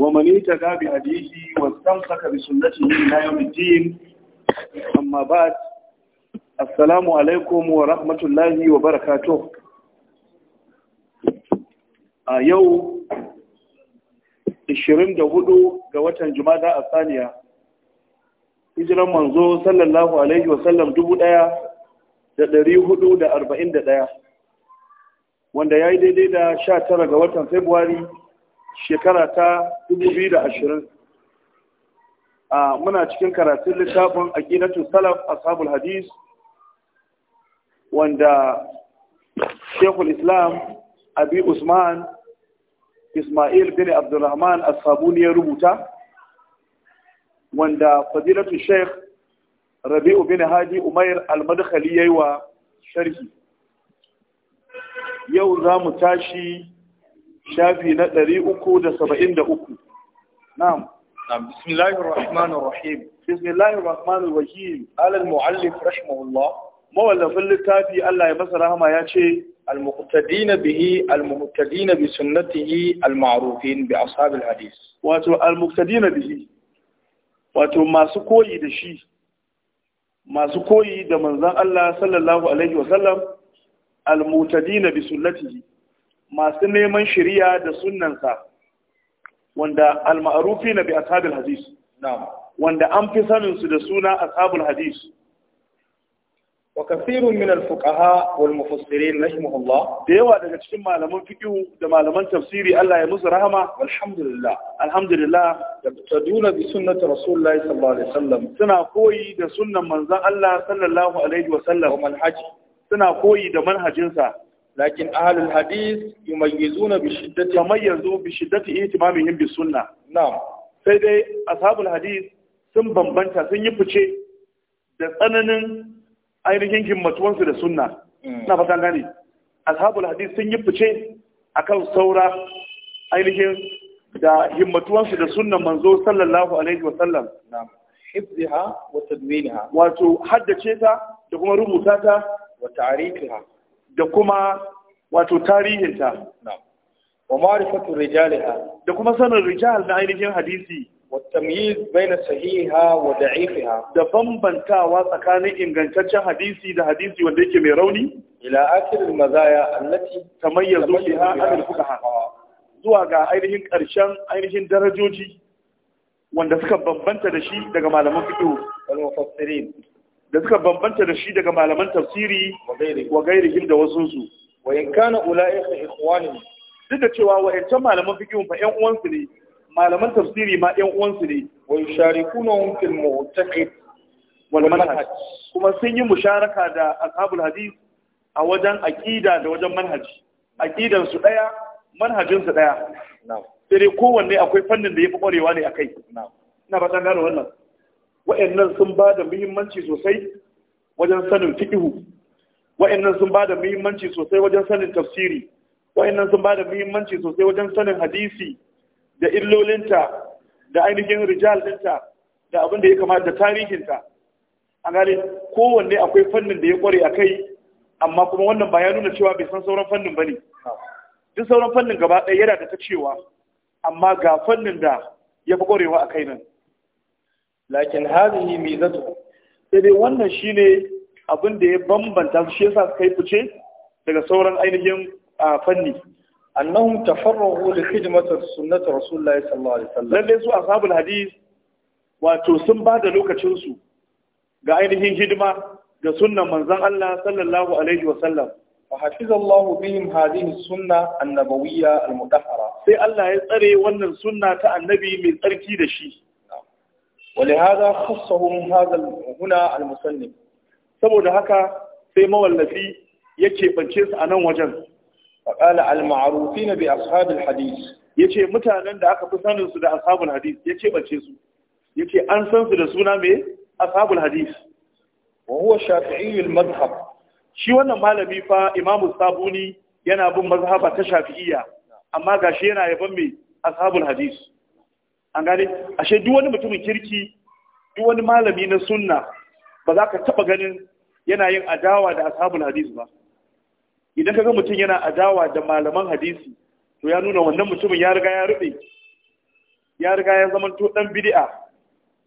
ومن اتقى بهديه واستمسك بسنته الى يوم الدين اما بعد السلام عليكم ورحمه الله وبركاته a yau hudu ga watan jumada a saniya hijiran manzo sallallahu alaihi wasallam 1441 wanda ya yi daidai da sha tara ga watan februari shekara ta 2020 a muna cikin karatun littafin aqidatu salaf ashabul hadis wanda shekul islam abi usman ismail bin abdulrahman ashabuni ya rubuta wanda fadilatu sheikh rabi'u bin hadi umair al-madkhali yayi wa sharhi yau za mu tashi shafi na 373 na'am بسم الله الرحمن الرحيم بسم الله الرحمن الرحيم قال المؤلف رحمه الله مولف اللتافي الله يمس رحمه ياتي المقتدين به المقتدين بسنته المعروفين بأصحاب الحديث واتو المقتدين به واتو ما سكوي دشي ما سكوي دمنزان الله صلى الله عليه وسلم المقتدين بسنته masu neman shari'a da sunansa. wanda al maarufi na bi ashabul hadis na'am wanda an fi sanin su da suna ashabul hadis wa kathirun min al-fuqaha wal mufassirin rahimahullah da yawa daga cikin malaman fiqh da malaman tafsiri Allah ya musu rahama alhamdulillah alhamdulillah yaqtaduna bi sunnati rasulillahi sallallahu alaihi wasallam suna koyi da sunnan manzon Allah sallallahu alaihi wasallam manhaji suna koyi da manhajinsa lakin ahlul hadis yumayyizuna bi shiddati tamayyazu bi shiddati ihtimamihim bi sunna na'am sai dai ashabul hadis sun bambanta sun yi fice da tsananin ainihin himmatuwansu da sunna na fatan gane ashabul hadis sun yi fice kan saura ainihin da himmatuwansu da sunnan manzo sallallahu alaihi wa sallam na'am hifziha wa tadwiniha wato haddace ta da kuma rubuta ta wa ta'rifiha da kuma wato tarihinta wa ma'rifatu rijaliha da kuma sanin rijal na ainihin hadisi wa tamyiz baina sahiha wa da'ifiha da bambantawa tsakanin ingantaccen hadisi da hadisi wanda yake mai rauni ila akhir al-mazaya allati tamayyazu biha al-fuqaha zuwa ga ainihin karshen ainihin darajoji wanda suka bambanta da shi daga malaman fiqh wal mufassirin da suka bambanta da shi daga malaman tafsiri wa gairihim da su wa in kana ula'ika ikhwani duk da cewa wa'ancan malaman fikihun fa ƴan uwansu ne malaman tafsiri ma ƴan uwansu ne wa yusharikuna fil mu'taqid wal manhaj kuma sun yi musharaka da ashabul hadith a wajen aqida da wajen manhaj. aqidan su daya manhajin su daya na'am sai kowanne akwai fannin da yafi kwarewa ne akai na'am ina ba gano wannan wa'annan sun ba da muhimmanci sosai wajen sanin fiƙihu wa'annan sun ba da muhimmanci sosai wajen sanin tafsiri wa'annan sun ba da muhimmanci sosai wajen sanin hadisi da illolinta da ainihin rijal dinta da abin da ya kamata da tarihinta an gane kowanne akwai fannin da ya kware a kai amma kuma wannan ba ya nuna cewa bai san sauran fannin ba ne duk sauran fannin gaba ɗaya yana da ta cewa amma ga fannin da ya fi kwarewa a kai nan lakin hadhihi mizatu sai dai wannan shine abin da ya bambanta shi yasa suka yi fice daga sauran ainihin fanni annahum tafarrahu li khidmati sunnati rasulullahi sallallahu alaihi wasallam lalle su ashabul hadith wato sun ba da lokacin su ga ainihin hidima ga sunnan manzon Allah sallallahu alaihi wasallam فحفظ الله بهم هذه Sai Allah ya tsare wannan يتري ta annabi mai tsarki da shi. ولهذا خصهم هذا هنا المصنف saboda haka sai mawallafi ya keɓance su a nan wajen faƙala al-ma'arufi na bi ashabul ya ce mutanen da aka fi sanin su da ashabul hadis ya keɓance su ya ce an san su da suna mai ashabul hadis wa huwa shafi'iyyul mazhab shi wannan malami fa imamu sabuni yana bin mazhaba ta shafi'iyya amma gashi yana yaban mai ashabul hadis an gane ashe duk wani mutumin kirki duk wani malami na sunna ba za ka taba ganin yana yin adawa da ashabul hadisi ba idan ka ga mutum yana adawa da malaman hadisi to ya nuna wannan mutumin ya riga ya rube ya riga ya zama to dan bid'a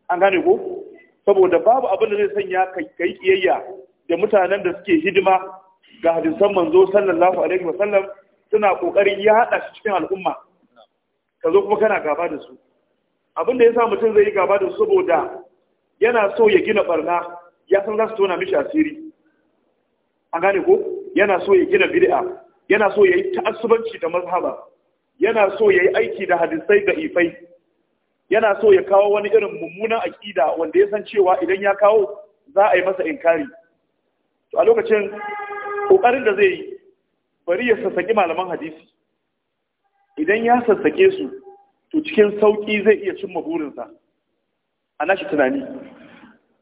an gane ko saboda babu abin da zai sanya ka kai kiyayya da mutanen da suke hidima ga hadisan manzo sallallahu alaihi wasallam suna kokarin ya hada shi cikin al'umma ka zo kuma kana gaba da su abin da ya sa mutum zai yi gaba da saboda yana so ya gina barna ya san za su tona mishi asiri A gane ko yana so ya gina bidi'a, yana so ya yi ta'assubanci da mazhaba yana so ya yi aiki da hadisai da ifai yana so ya kawo wani irin mummunan aƙida wanda ya san cewa idan ya kawo za a yi masa inkari to a lokacin ƙoƙarin da zai yi bari ya sassaƙi malaman hadisi idan ya sassaƙe su to cikin sauƙi zai iya cimma burinsa a nashi tunani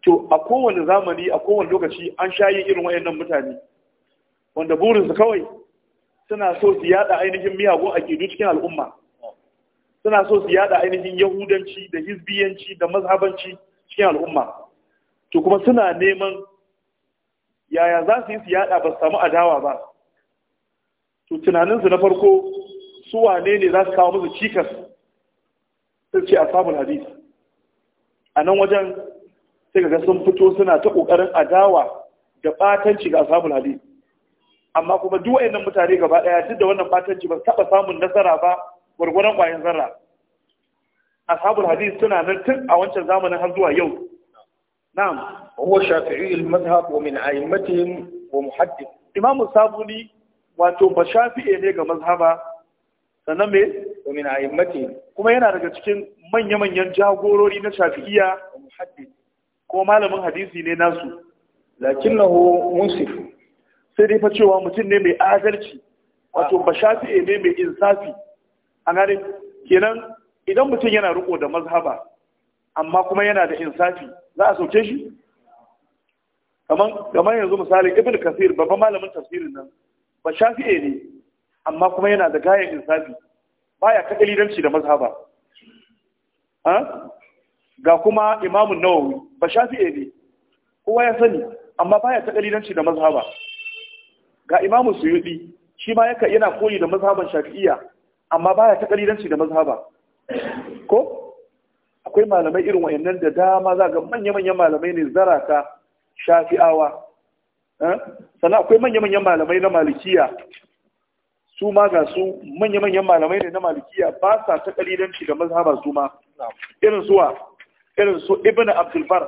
to a kowane zamani a kowane lokaci an sha yin irin wayannan mutane wanda burinsu kawai suna so su yada ainihin miyagun akidu cikin al'umma suna so su yada ainihin yahudanci da Hisbiyanci da mazhabanci cikin al'umma to kuma suna neman yaya za su yi su yada ba su samu adawa ba to tunaninsu na farko su wane ne za su kawo musu cikas sai a ashabul hadis a nan wajen sai ga sun fito suna ta kokarin adawa da batanci ga ashabul hadis amma kuma duk yanar mutane gaba daya duk da wannan batanci ba taba samun nasara ba gwargwaron kwayan zarra ashabul hadis suna nan tun a wancan zamanin har zuwa yau na'am huwa shafi'i wa min a'immatihim wa muhaddith imamu sabuni wato ba shafi'e ne ga mazhaba sannan me ومن ائمته كما kuma yana daga cikin manya-manyan jagorori na shafi'iyya muhaddis ko malamin hadisi ne nasu lakinnahu munsif sai dai fa cewa mutum ne mai adalci wato ba shafi'e ne mai insafi an gane kenan idan mutum yana riko da mazhaba amma kuma yana da insafi za a sauke shi kamar yanzu misali ibn kasir babban malamin tafsirin nan ba shafi'i ne amma kuma yana da gayan insafi baya ta kalidanci da mazhaba ga kuma imamun nawawi ba shafi'e ne kowa ya sani amma baya ta kalidanci da mazhaba ga imamun suyudi shi ma yana koyi da mazhaban shafi'iyya amma baya ta kalidanci da mazhaba ko akwai malamai irin wayannan da dama za ga manya-manyan malamai ne zarata shafi'awa sannan akwai manya-manyan malamai na malikiya su ma ga su manya-manyan malamai ne na malikiya ba sa ta kalilanci ga mazhabar su ma irin suwa irin su ibn abdulbar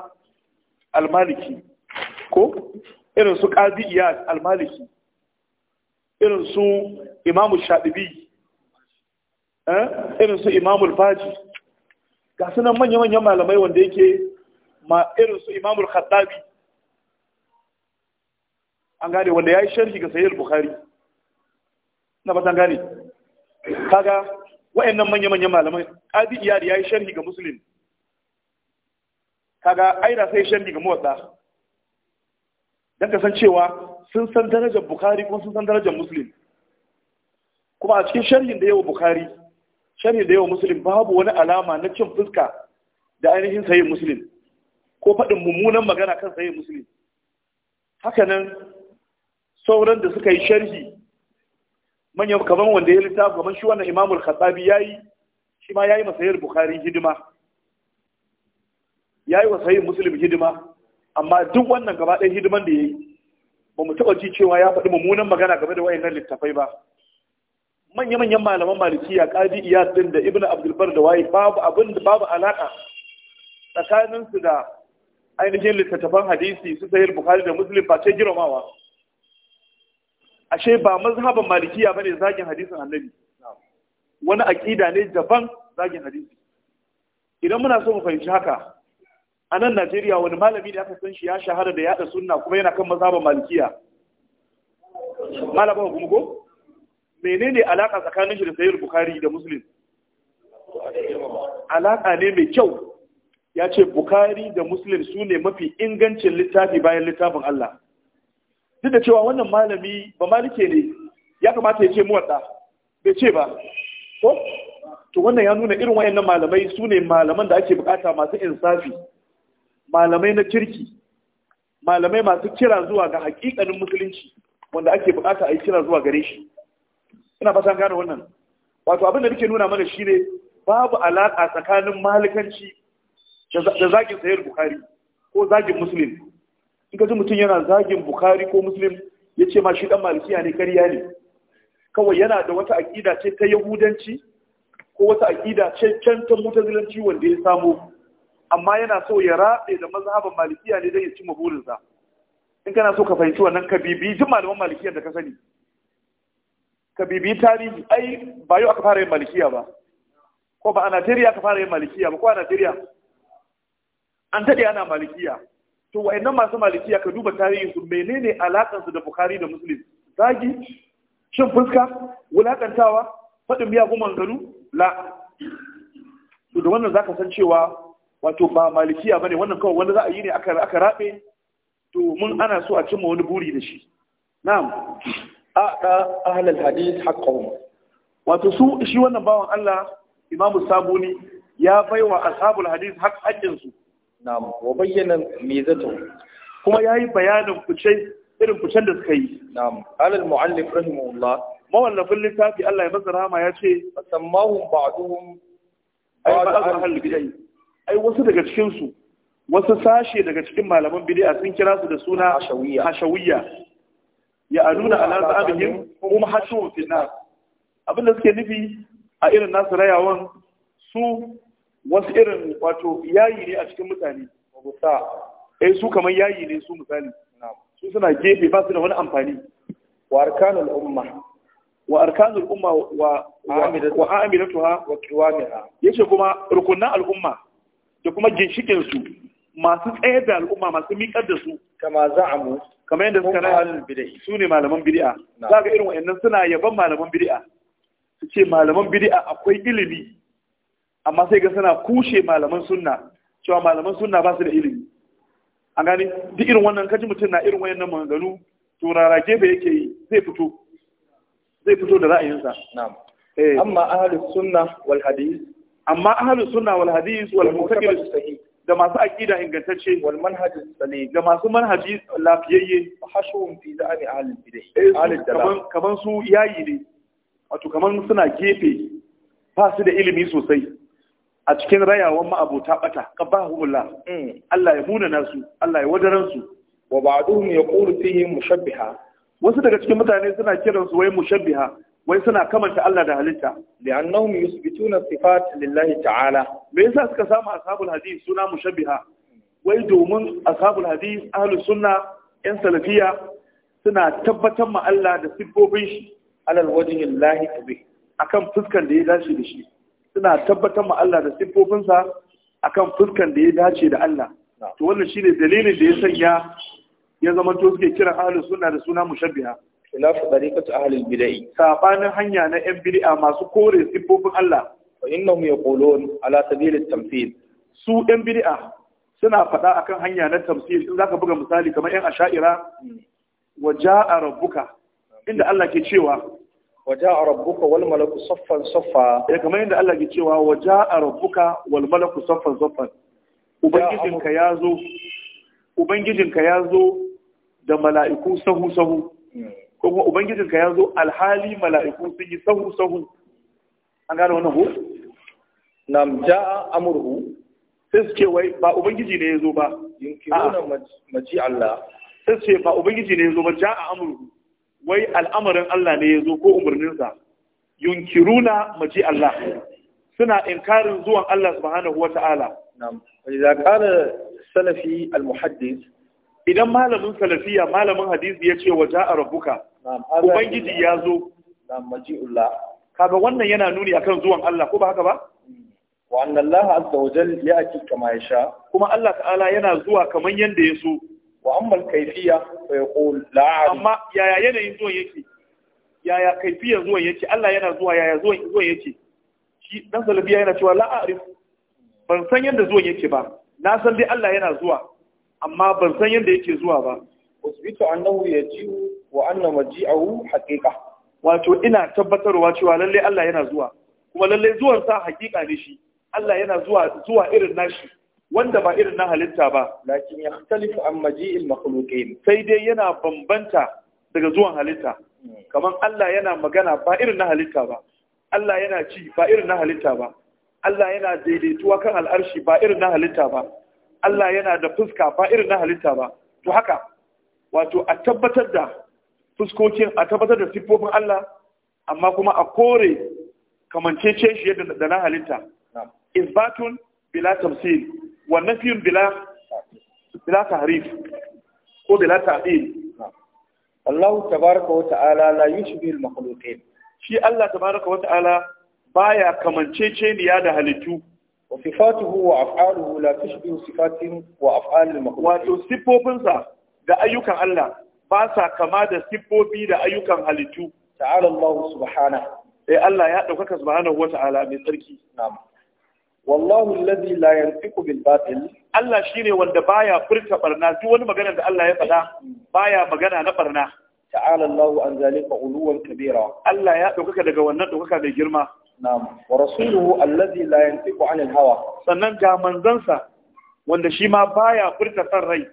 almaliki ko irin su qadi iyad almaliki irin su imamu shadibi eh irin su imamu faji ga sunan manya-manyan malamai wanda yake ma irin su imamu khaddabi an gane wanda ya yi sharhi ga sahih bukhari na ba gane kaga wayannan manya-manyan malamai qadi ya yayi sharhi ga muslim kaga da sai sharhi ga muwadda dan cewa sun san darajar bukhari kuma sun san darajar muslim kuma a cikin sharhin da yawa bukhari sharhin da yawa muslim babu wani alama na cin fuska da ainihin sayin muslim ko faɗin mummunan magana kan sayin muslim hakanan sauran da suka yi sharhi manyan kaman wanda ya littafi kaman shi wannan imamul khattabi yayi shi ma yayi masayar bukhari hidima yayi wa sahih muslim hidima amma duk wannan gaba ɗaya hidiman da yayi ba mu taɓa ji cewa ya faɗi mummunan magana game da wayannan littafai ba manya-manyan malaman malikiya qadi iyad din da ibnu abdul bar da waye babu abin da babu alaka tsakanin su da ainihin littattafan hadisi su sayar bukhari da muslim ba ce girmamawa ashe ba mazhaban malikiya ne zagin hadisin annabi wani aƙida ne daban zagin hadisi idan muna so mu fahimci haka a nan najeriya wani malami da aka san shi ya shahara da yada sunna kuma yana kan mazhaban malikiya malaba kuma ko menene alaka tsakanin shi da sayyid bukhari da muslim alaka ne mai kyau ya ce bukhari da muslim su ne mafi ingancin littafi bayan littafin allah duk da cewa wannan malami ba malike ne ya kamata ya ce mu wadda, bai ce ba ko to wannan ya nuna irin wayannan malamai su ne malaman da ake bukata masu insafi malamai na kirki malamai masu kira zuwa ga hakikanin musulunci wanda ake bukata a yi kira zuwa gare shi ina fatan gane wannan wato abin da nake nuna mana shine babu alaka tsakanin malikanci da zagin sayar bukari ko zagin musulmi in ka ji mutum yana zagin Bukhari ko Muslim ya ce ma shi dan malikiya ne karya ne kawai yana da wata aƙida ce ta yahudanci ko wata aƙida ce can ta mutazilanci wanda ya samu amma yana so ya raɗe da mazhaban malikiya ne don ya ma burinsa in kana so ka fahimci wannan ka bibi duk malaman malikiyar da ka sani ka bibi tarihi ai ba yau aka fara yin malikiya ba ko ba a Najeriya aka fara yin malikiya ba ko a Najeriya an daɗe ana malikiya to wayannan masu malikiya ka duba tarihin su menene alakan su da bukhari da muslim zagi shin fuska wulakantawa faɗin biya goma garu la to da wannan zaka san cewa wato ba malikiya bane wannan kawai wanda za a yi ne aka aka rabe to mun ana so a cimma wani buri da shi na'am a da ahlul hadith haqqahum wato su shi wannan bawan Allah imamu sabuni ya baiwa ashabul hadith haƙƙin su na'am wa bayyana mizatu kuma ya yi bayanin kucai irin kucen da suka yi na'am alal muallif rahimahullah mawallafin littafi Allah ya masa rahama ya ce sammahum ba'duhum ay ba'd ahli bid'ah ai wasu daga cikin su wasu sashe daga cikin malaman bid'a sun kira su da suna hashawiyya ya aruna ala za'abihim hum hashawun fi nar abinda suke nufi a irin nasu rayawan su wasu irin wato yayi ne a cikin mutane gusa eh su kamar yayi ne su misali su suna gefe ba su da wani amfani wa arkanul umma wa arkanul umma wa wa amidatuha wa qiwamiha yace kuma rukunan al'umma da kuma ginshikin su masu tsayar da al'umma masu miƙar da su kama za'amu kamar yadda suka nan su ne malaman bid'a za ga irin wayannan suna yaban malaman bid'a su ce malaman bid'a akwai ilimi amma sai ga suna kushe malaman sunna cewa malaman sunna ba su da ilimi an gani, duk irin wannan kaji mutum na irin wayannan maganganu to rara gefe yake yi zai fito zai fito da ra'ayinsa na'am eh. amma ahli sunna wal hadith amma ahli sunna wal hadith wal mutakallim sahih da masu aƙida ingantacce wal manhaj salih da masu manhaji lafiyayye hashum fi za'ani ahlul bid'ah eh, kaman kaman su yayi ne wato kaman suna gefe ba su da ilimi sosai a cikin rayawan ma'abota bata qabahumullah eh. Allah ya huna nasu Allah ya wadaran su wa ba'duhum yaqulu fihi mushabbiha wasu daga cikin mutane suna kiran su wai mushabbiha wai suna kamanta Allah da halitta li'annahum yusbituna sifat lillahi ta'ala me yasa suka samu ashabul hadith suna mushabbiha wai domin ashabul hadith ahlus sunna yan salafiya suna tabbatar ma Allah da siffofin shi alal wajhi lillahi tabi akan fuskan da ya dace da shi suna tabbatar ma Allah da siffofinsa akan fuskan da ya dace da Allah to wannan shine dalilin da ya sanya ya zama to suke kiran ahlus sunna da suna mushabbiha khilaf tariqatu ahalin bid'ah sabanin hanya na yan bid'a masu kore siffofin Allah fa innahum yaqulun ala sabil at-tamthil su yan bid'a suna faɗa akan hanya na tamthil in zaka buga misali kamar yan asha'ira hmm. wa ja'a rabbuka inda Allah ke cewa وجاء ربك والملك صفا saffan saffa كما kamar yadda Allah ke cewa waja'a rabbuka صفا malaku saffan saffan ubangijinka da mala'iku sahu sahu ko kuma ubangijinka yazo alhali mala'iku sun yi sahu sahu an gano wannan ko nam ja'a amruhu sai su wai ba ubangiji ne yazo ba yunkiruna maji Allah sai ba ubangiji ne ba wai al'amarin Allah ne ya zo ko umarninsa yunkiruna maji Allah suna inkarin zuwan Allah subhanahu wa ta'ala idza qala salafi al-muhaddis idan malamin salafiya malamin hadisi ya ce wa ja'a rabbuka ubangiji ya zo maji'ullah kaga wannan yana nuni akan zuwan Allah ko ba haka ba wa anna Allah azza wa jalla ya'ti kama yasha kuma Allah ta'ala yana zuwa kaman yanda ya so Muhammad ammal kaifiya fa yaqul la amma yaya yanayin zuwan yake yaya kaifiyar zuwan yake Allah yana zuwa yaya zuwan yake shi dan salafiya yana cewa la ban san yanda zuwan yake ba na san dai Allah yana zuwa amma ban san yanda yake zuwa ba usbitu annahu yaji'u wa anna maji'ahu haqiqa wato ina tabbatarwa cewa lalle Allah yana zuwa kuma lallai zuwan sa haqiqa ne shi Allah yana zuwa zuwa irin nashi wanda ba irin na halitta ba lakin ya talifu an maji'il makhluqin sai dai yana bambanta daga zuwan halitta hmm. kamar Allah yana magana ba irin na halitta ba Allah yana ci ba irin na halitta ba Allah yana daidaituwa kan al'arshi ba irin na halitta ba Allah yana da fuska ba irin na halitta ba to haka wato a tabbatar da fuskokin a tabbatar da siffofin Allah amma kuma a kore kamancece shi da na halitta isbatun bila tamsil wannan fiyin bila bila tahrif ko bila ta'dil Allah tabaraka wa ta'ala la yushbihu al-makhluqin shi Allah tabaraka wa ta'ala baya kamanceceniya da halittu wa sifatuhu wa af'aluhu la tushbihu sifatin wa af'al al-makhluqin wato sifofinsa da ayyukan Allah ba sa kama da siffofi da ayyukan halittu ta'ala Allah subhanahu sai Allah ya ɗaukaka subhanahu wa ta'ala mai tsarki na'am wallahu alladhi la yantiqu bil batil Allah shine wanda baya furta barna duk wani magana da Allah ya faɗa baya magana na barna ta'ala Allahu an zalika uluwan kabira Allah ya ɗaukaka daga wannan ɗaukaka mai girma na'am wa rasuluhu alladhi la yantiqu 'anil hawa sannan ga manzansa wanda shi ma baya furta san rai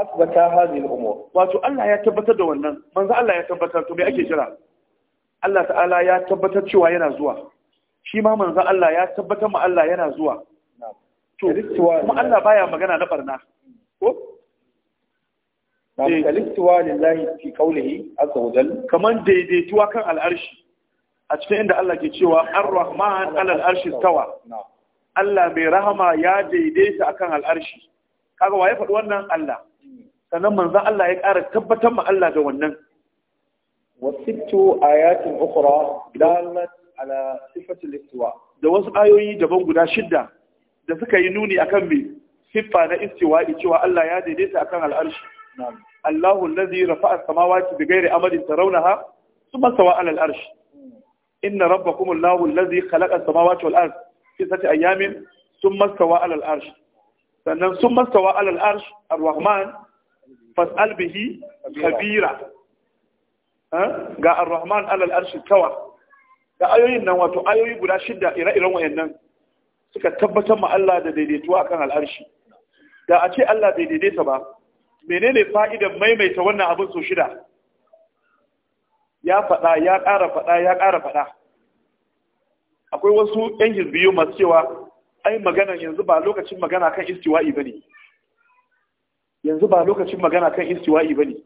asbata hadhihi al-umur wato Allah ya tabbatar da wannan manzo Allah ya tabbatar to me ake jira Allah ta'ala ya tabbatar cewa yana zuwa shi ma manzan Allah ya tabbatar ma Allah yana zuwa to kuma Allah baya magana na barna ko kalistuwa lillahi fi qawlihi azza wa jalla kaman daidaituwa kan al'arshi a cikin inda Allah ke cewa ar-rahman ala al'arshi arshi tawa Allah mai rahama ya daidaita akan al'arshi kaga waye faɗi wannan Allah sannan manzan Allah ya ƙara tabbatar ma Allah da wannan wasittu ayatin ukhra dalat da wasu ayoyi daban guda shidda da suka yi nuni akan me siffa na istiwa cewa Allah ya daidaita akan al'arshi Allahu allazi rafa'a samawati bighairi amadin tarawnaha thumma sawa ala al'arshi inna rabbakum Allahu allazi khalaqa samawati wal ard fi sittati ayamin thumma sawa sannan thumma sawa ala ar-rahman fas'al bihi khabira ga ar-rahman ala tawa da ayoyin nan wato ayoyi guda shidda ire-iren wayannan suka tabbatar ma Allah da daidaituwa akan al'arshi da a ce Allah bai daidaita ba menene fa'idan maimaita wannan abin so shida ya faɗa ya ƙara faɗa ya ƙara faɗa akwai wasu yan hizbiyu masu cewa ai magana yanzu ba lokacin magana kan istiwa'i bane yanzu ba lokacin magana kan istiwa'i bane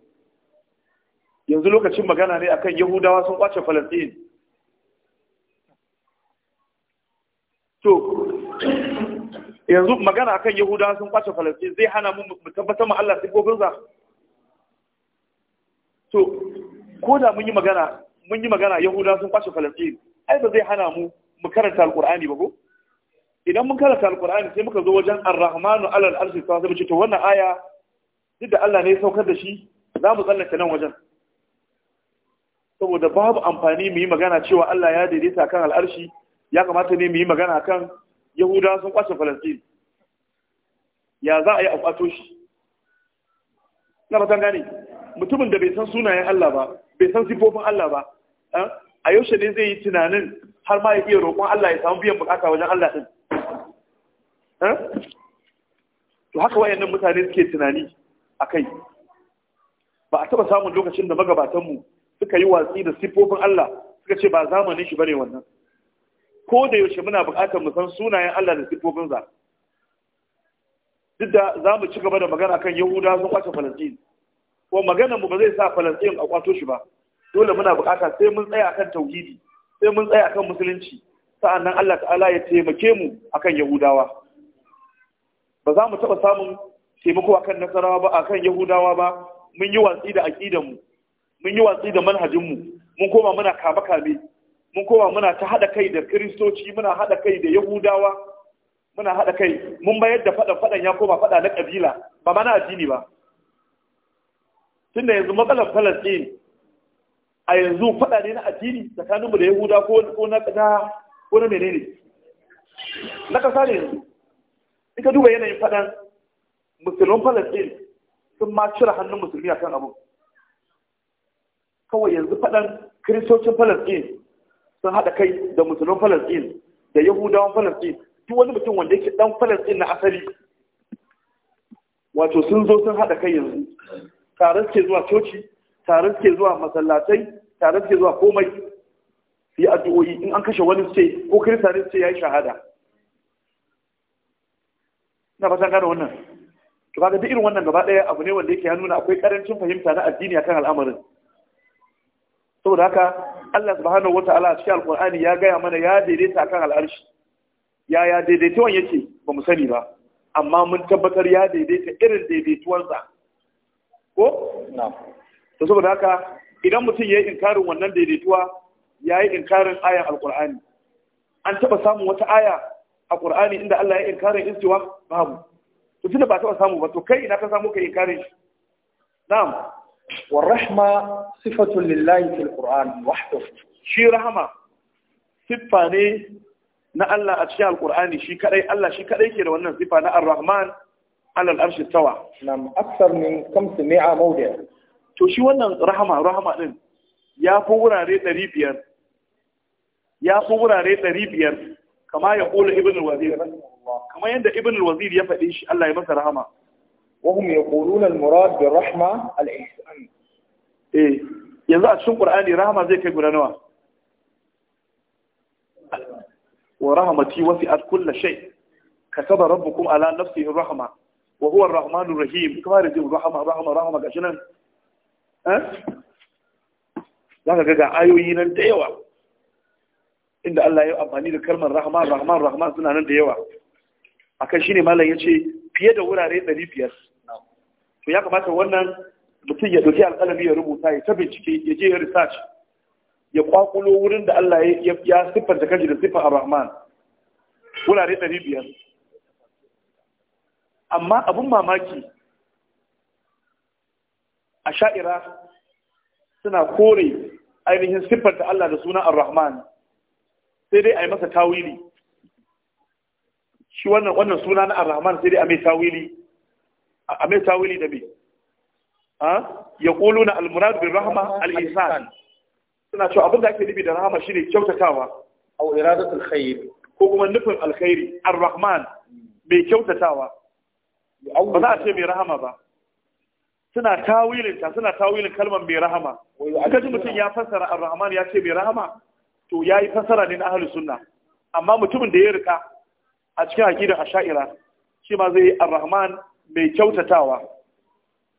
yanzu lokacin magana ne akan yahudawa sun kwace falastin to yanzu magana akan yahuda sun kwace falastin zai hana mu mu tabbatar mu Allah sifofinsa to ko da mun yi magana mun yi magana yahuda sun kwace falastin ai ba zai hana mu mu karanta alqur'ani ba ko idan mun karanta alqur'ani sai muka zo wajen ar-rahmanu alal arshi ta zama ce to wannan aya duk da Allah ne ya saukar da shi za mu tsallake nan wajen saboda babu amfani mu yi magana cewa Allah ya daidaita kan al'arshi ya kamata ne mu yi magana kan yahudawa sun kwace falastin ya za a yi akwato shi na fatan gane mutumin da bai san sunayen Allah ba bai san sifofin Allah ba eh, a yaushe ne zai yi tunanin har ma ya iya roƙon Allah ya samu biyan bukata wajen Allah din eh? to haka wayannan mutane suke tunani a kai ba a taba samun lokacin da magabatanmu suka yi watsi da sifofin Allah suka ce ba zamanin shi bane wannan ko da yaushe muna buƙatar mu san sunayen Allah da sifofinsa duk da za mu ci gaba da magana kan yahuda sun kwace falastin ko magana mu ba zai sa falastin a kwato shi ba dole muna bukata sai mun tsaya kan tauhidi sai mun tsaya kan musulunci sa'annan Allah ta'ala ya taimake mu akan yahudawa ba za mu taɓa samun taimako akan nasarawa ba akan yahudawa ba mun yi watsi da aqidan mu mun yi watsi da manhajin mu mun koma muna kame kame mun koma muna ta haɗa kai da kiristoci muna haɗa kai da yahudawa muna haɗa kai mun bayar da faɗan faɗan ya koma faɗa na ƙabila ba ma na addini ba tunda yanzu matsalar falastin a yanzu faɗa ne na addini tsakaninmu da yahuda ko na ko na menene na ƙasa ne yanzu in ka duba yanayin faɗan musulman falastin sun ma cire hannun musulmi a kan abu kawai yanzu faɗan kiristocin falastin sun haɗa kai da musulman falastin da yahudawan falastin duk wani mutum wanda yake dan falastin na asali wato sun zo sun haɗa kai yanzu tare suke zuwa coci tare suke zuwa masallatai tare suke zuwa komai su yi addu'o'i in an kashe wani ce ko kirista ne ce ya yi shahada na fatan gane wannan to kaga duk irin wannan gaba ɗaya abu ne wanda yake ya nuna akwai karancin fahimta na addini akan al'amarin saboda haka Allah subhanahu wata'ala a cikin alkur'ani ya gaya mana ya daidaita akan al'arshi yaya daidaituwan yake ba mu sani ba amma mun tabbatar ya daidaita irin daidaituwansa ko na to saboda haka idan mutum ya yi inkarin wannan daidaituwa ya yi inkarin ayan Alƙur'ani, an taɓa samun wata aya a ƙur'ani inda Allah ya inkarin istiwa babu to tunda ba taɓa samu ba to kai ina ka samu ka inkarin shi na'am والرحمة صفة لله في القرآن وحده شي رحمة صفة ne na Allah a cikin Alƙur'ani shi Allah shi kadai ke da wannan sifa na Ar-Rahman alal arshi tawa nam aksar min kamsu mi'a mawdi to shi wannan rahama rahama din ya fi wurare 500 ya kama ya kula ibn al kama yanda ibn ya faɗi shi Allah ya masa rahama وهم يقولون المراد بالرحمة الإحسان eh yanzu a cikin qur'ani rahama zai kai guda nawa wa rahmati wasi'at kull shay kataba rabbukum ala nafsihi rahma wa huwa ar-rahmanur rahim kuma da jin rahama rahama rahama gashi nan eh zaka ga ga ayoyi nan da yawa inda Allah ya amfani da kalmar rahman rahman rahman suna nan da yawa akan shine malam yace fiye da wurare 500 to ya kamata wannan mutum ya ɗauki alƙalami ya rubuta ya ta bincike ya je ya research ya kwakulo wurin da Allah ya siffanta kanshi da siffar Ar-Rahman wurare ɗari biyar amma abin mamaki a sha'ira suna kore ainihin siffanta Allah da sunan Ar-Rahman sai dai a yi masa tawili shi wannan suna na Ar-Rahman sai dai a mai tawili a mai tawili da mai ya ƙulu na almurad bin rahama al'isan suna cewa abin da ake nufi da rahama ne kyautatawa a iradatul alkhairi ko kuma nufin alkhairi ar-rahman mai kyautatawa ba za a ce mai rahama ba suna tawilin ta suna tawilin kalmar mai rahama aka ji mutum ya fassara ar-rahman ya ce mai rahama to ya yi fassara ne na ahlus sunna amma mutumin da ya rika a cikin aqidar asha'ira shi ma zai ar-rahman mai kyautatawa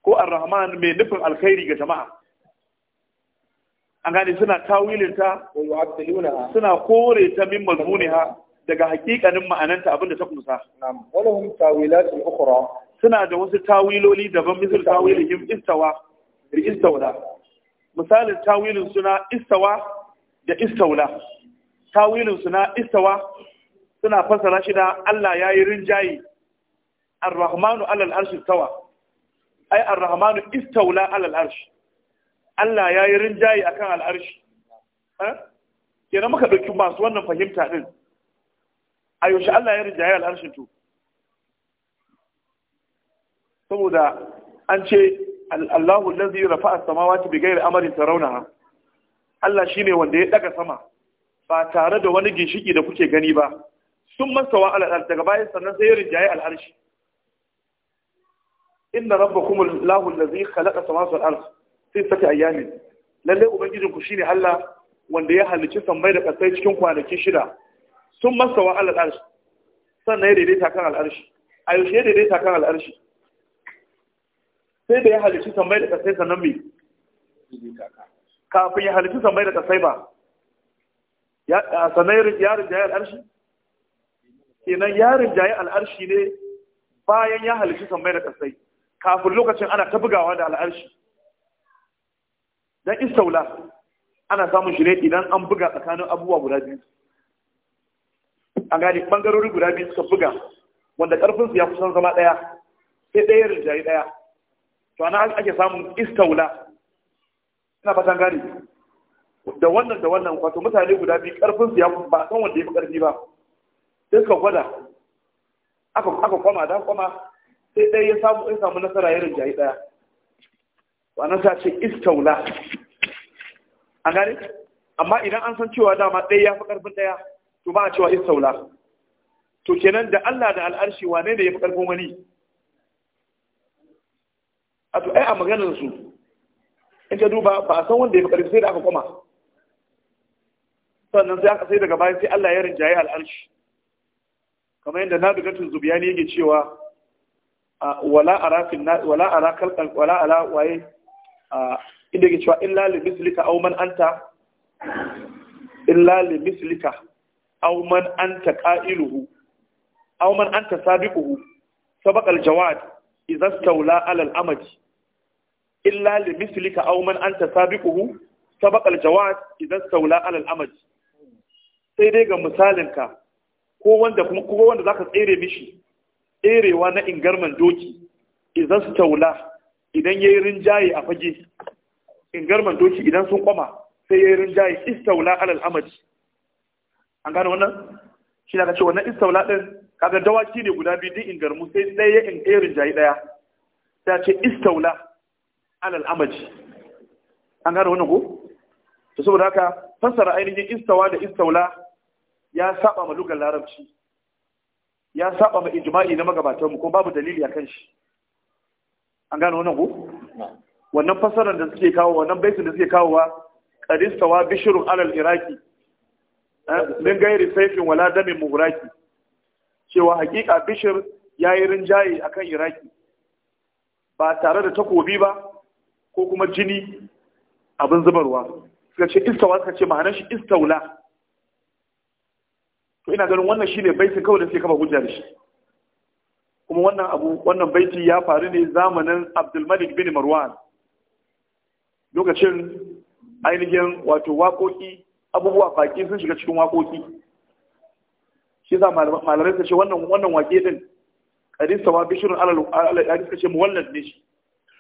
ko ar-rahman mai nufin alkhairi ga jama'a an gane suna tawilinta suna kore ta min mazmuniha daga hakikanin ma'ananta abinda ta kusa suna da wasu tawiloli daban misal tawilihim istawa da istawla misalin tawilin suna istawa da istawla tawilin suna istawa suna fasara shi da Allah yi rinjaye'. ar-rahmanu alal arshi tawa ai ar-rahmanu istawla ala al Allah ya yi rinjaye akan al-arsh kenan muka dauki masu wannan fahimta din a yaushe Allah ya rinjaye al'arshin arsh to saboda an ce Allahu allazi rafa'a as-samawati bighairi amarin tarawnaha Allah shine wanda ya daga sama ba tare da wani ginshiki da kuke gani ba sun wa al'arshi daga bayan sannan sai ya rinjaye al'arshi inna rabbakumul lahu allazi khalaqa samawati wal ardh fi sittati ayamin lalle ubangijin ku shine Allah wanda ya halicci sammai da kasai cikin kwanaki shida sun masawa alal arsh sannan ya daidaita kan al arsh a ya daidaita kan al arsh sai da ya halicci sammai da kasai sannan me kafin ya halicci sammai da kasai ba ya sanai ya rinjaye al arsh kenan ya rinjaye al ne bayan ya halicci sammai da kasai kafin lokacin ana ta bugawa da al'arshi dan istaula ana samun shi ne idan an buga tsakanin abubuwa guda biyu an gani bangarori guda biyu suka buga wanda karfin su ya kusan zama daya sai daya rinjayi daya to ana ake samun istaula ina fatan gane da wannan da wannan wato mutane guda biyu karfin su ya ba san wanda ya fi karfi ba sai suka gwada aka kwama da kwama sai ɗaya ya samu ya samu nasara ya rinjayi ɗaya wannan ta ce istaula A gane amma idan an san cewa dama ɗaya ya fi ƙarfin ɗaya to ba a cewa istaula to kenan da Allah da al'arshi wane ne ya fi ƙarfin wani a to ai a maganar su in ka duba ba a san wanda ya fi ƙarfi sai da aka koma sannan sai aka sai daga bayan sai Allah ya rinjaye al'arshi kamar yadda na bigatun zubiyani yake cewa wala ara fil wala ara kalqal wala ala waye inda ke cewa illa li mislika aw man anta illa li mislika aw man anta qa'iluhu aw man anta sabiquhu sabaqa al jawad idza stawla ala al amad illa li mislika aw man anta sabiquhu sabaqa al jawad idza stawla ala al amad sai dai ga misalinka ko wanda kuma ko wanda zaka tsere mishi tserewa na ingarman doki idan su taula idan ya yi rinjaye a fage ingarman doki idan sun kwama sai ya yi rinjaye istaula alal amadi an gane wannan shi na kace wannan istaula din kaga dawaki ne guda biyu din ingarmu sai ya in ɗaya rinjaye ɗaya ta ce istaula alal amadi an gane wannan ko to saboda haka fassara ainihin istawa da istaula ya saba ma lugar larabci ya saba ma ijma'i na magabatan mu ko babu dalili akan shi an gano wannan ko wannan fasaran da suke kawo wannan baitin da suke kawo kawowa qadistawa bishrun alal iraqi eh, min gairi saifin wala damin muhraki cewa hakika bishr yayi rinjaye akan iraki ba tare da takobi ba ko kuma jini abin zubarwa suka ce istawa suka ce ma'anar shi istaula to ina ganin wannan shine baiti kawai da sai kafa hujja da shi kuma wannan abu wannan baiti ya faru ne zamanin Abdulmalik bin Marwan lokacin ainihin wato waƙoƙi abubuwa baki sun shiga cikin waƙoƙi shi za malamai suka ce wannan wannan waƙe din hadisa wa bishirun alal alal suka ce muwallad ne shi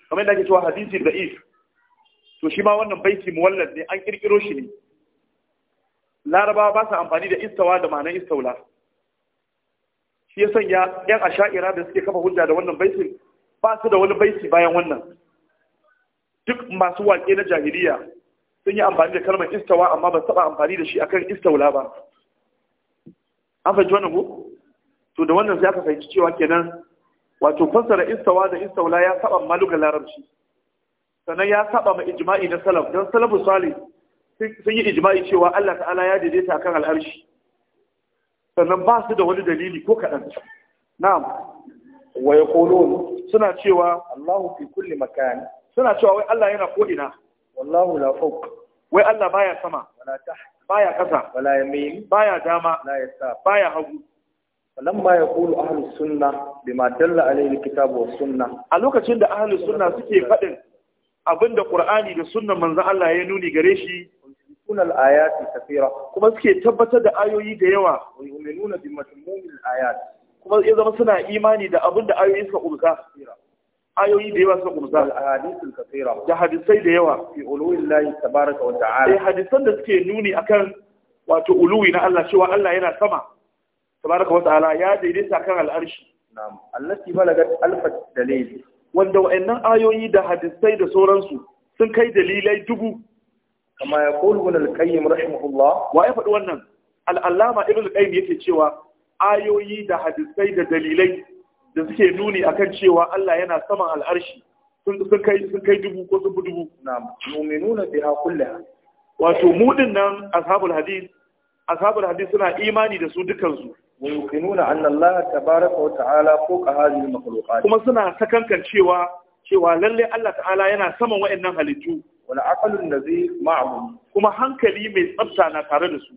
kamar yadda ake cewa hadisi da'if to shi ma wannan baiti muwallad ne an kirkiro shi ne larabawa ba su amfani da istawa da ma'anar istaula shi ya sanya yan asha'ira da suke kafa hujja da wannan baisi ba su da wani baisi bayan wannan duk masu waƙe na jahiliya sun yi amfani da kalmar istawa amma ba taɓa amfani da shi akan istaula ba an fahimci wannan ko to da wannan sai aka fahimci cewa kenan wato fassara istawa da istaula ya saba larabci sannan ya saba ma ijma'i na salaf don salafu salih sun yi ijma'i cewa Allah ta'ala ya daidaita kan al'arshi sannan ba su da wani dalili ko kaɗan na'am wa yaqulun suna cewa Allahu fi kulli makan suna cewa wai Allah yana ko ina wallahu la fawq wai Allah baya sama wala tahta baya kasa wala yamin baya dama la yasa baya hagu falamma yaqulu ahlus sunna bima dalla alayhi kitabu was sunna a lokacin da ahlus sunna suke faɗin abinda qur'ani da sunnan manzo Allah ya nuni gare shi kunal ayati kafira kuma suke tabbatar da ayoyi da yawa wa yu'minuna bi majmu'il ayat kuma ya zama suna imani da abin da ayoyi suka kursa ayoyi da yawa suka kursa da hadisul kafira da hadisai da yawa fi uluwillahi tabaraka wa ta'ala eh hadisan da suke nuni akan wato uluwi na Allah cewa Allah yana sama tabaraka wa ta'ala ya daidaita kan al'arshi na'am allati balagat alfa dalil wanda wa'annan ayoyi da hadisai da sauransu sun kai dalilai dubu kama ya kowar wani alƙayyar rahimahullah wa ya faɗi wannan al'allama ibn alƙayyar yake cewa ayoyi da hadisai da dalilai da suke nuni akan cewa Allah yana saman al'arshi sun kai dubu ko dubu dubu na mu'minuna biha kullaha wato mu nan ashabul hadis ashabul hadis suna imani da su dukan su wa yuqinuna anna Allah tabaraka wa ta'ala fawqa hadhihi makhluqat kuma suna sakankan cewa cewa lalle Allah ta'ala yana saman wa'annan halittu wala aqlun ladhi ma'hum kuma hankali mai tsafta na tare da su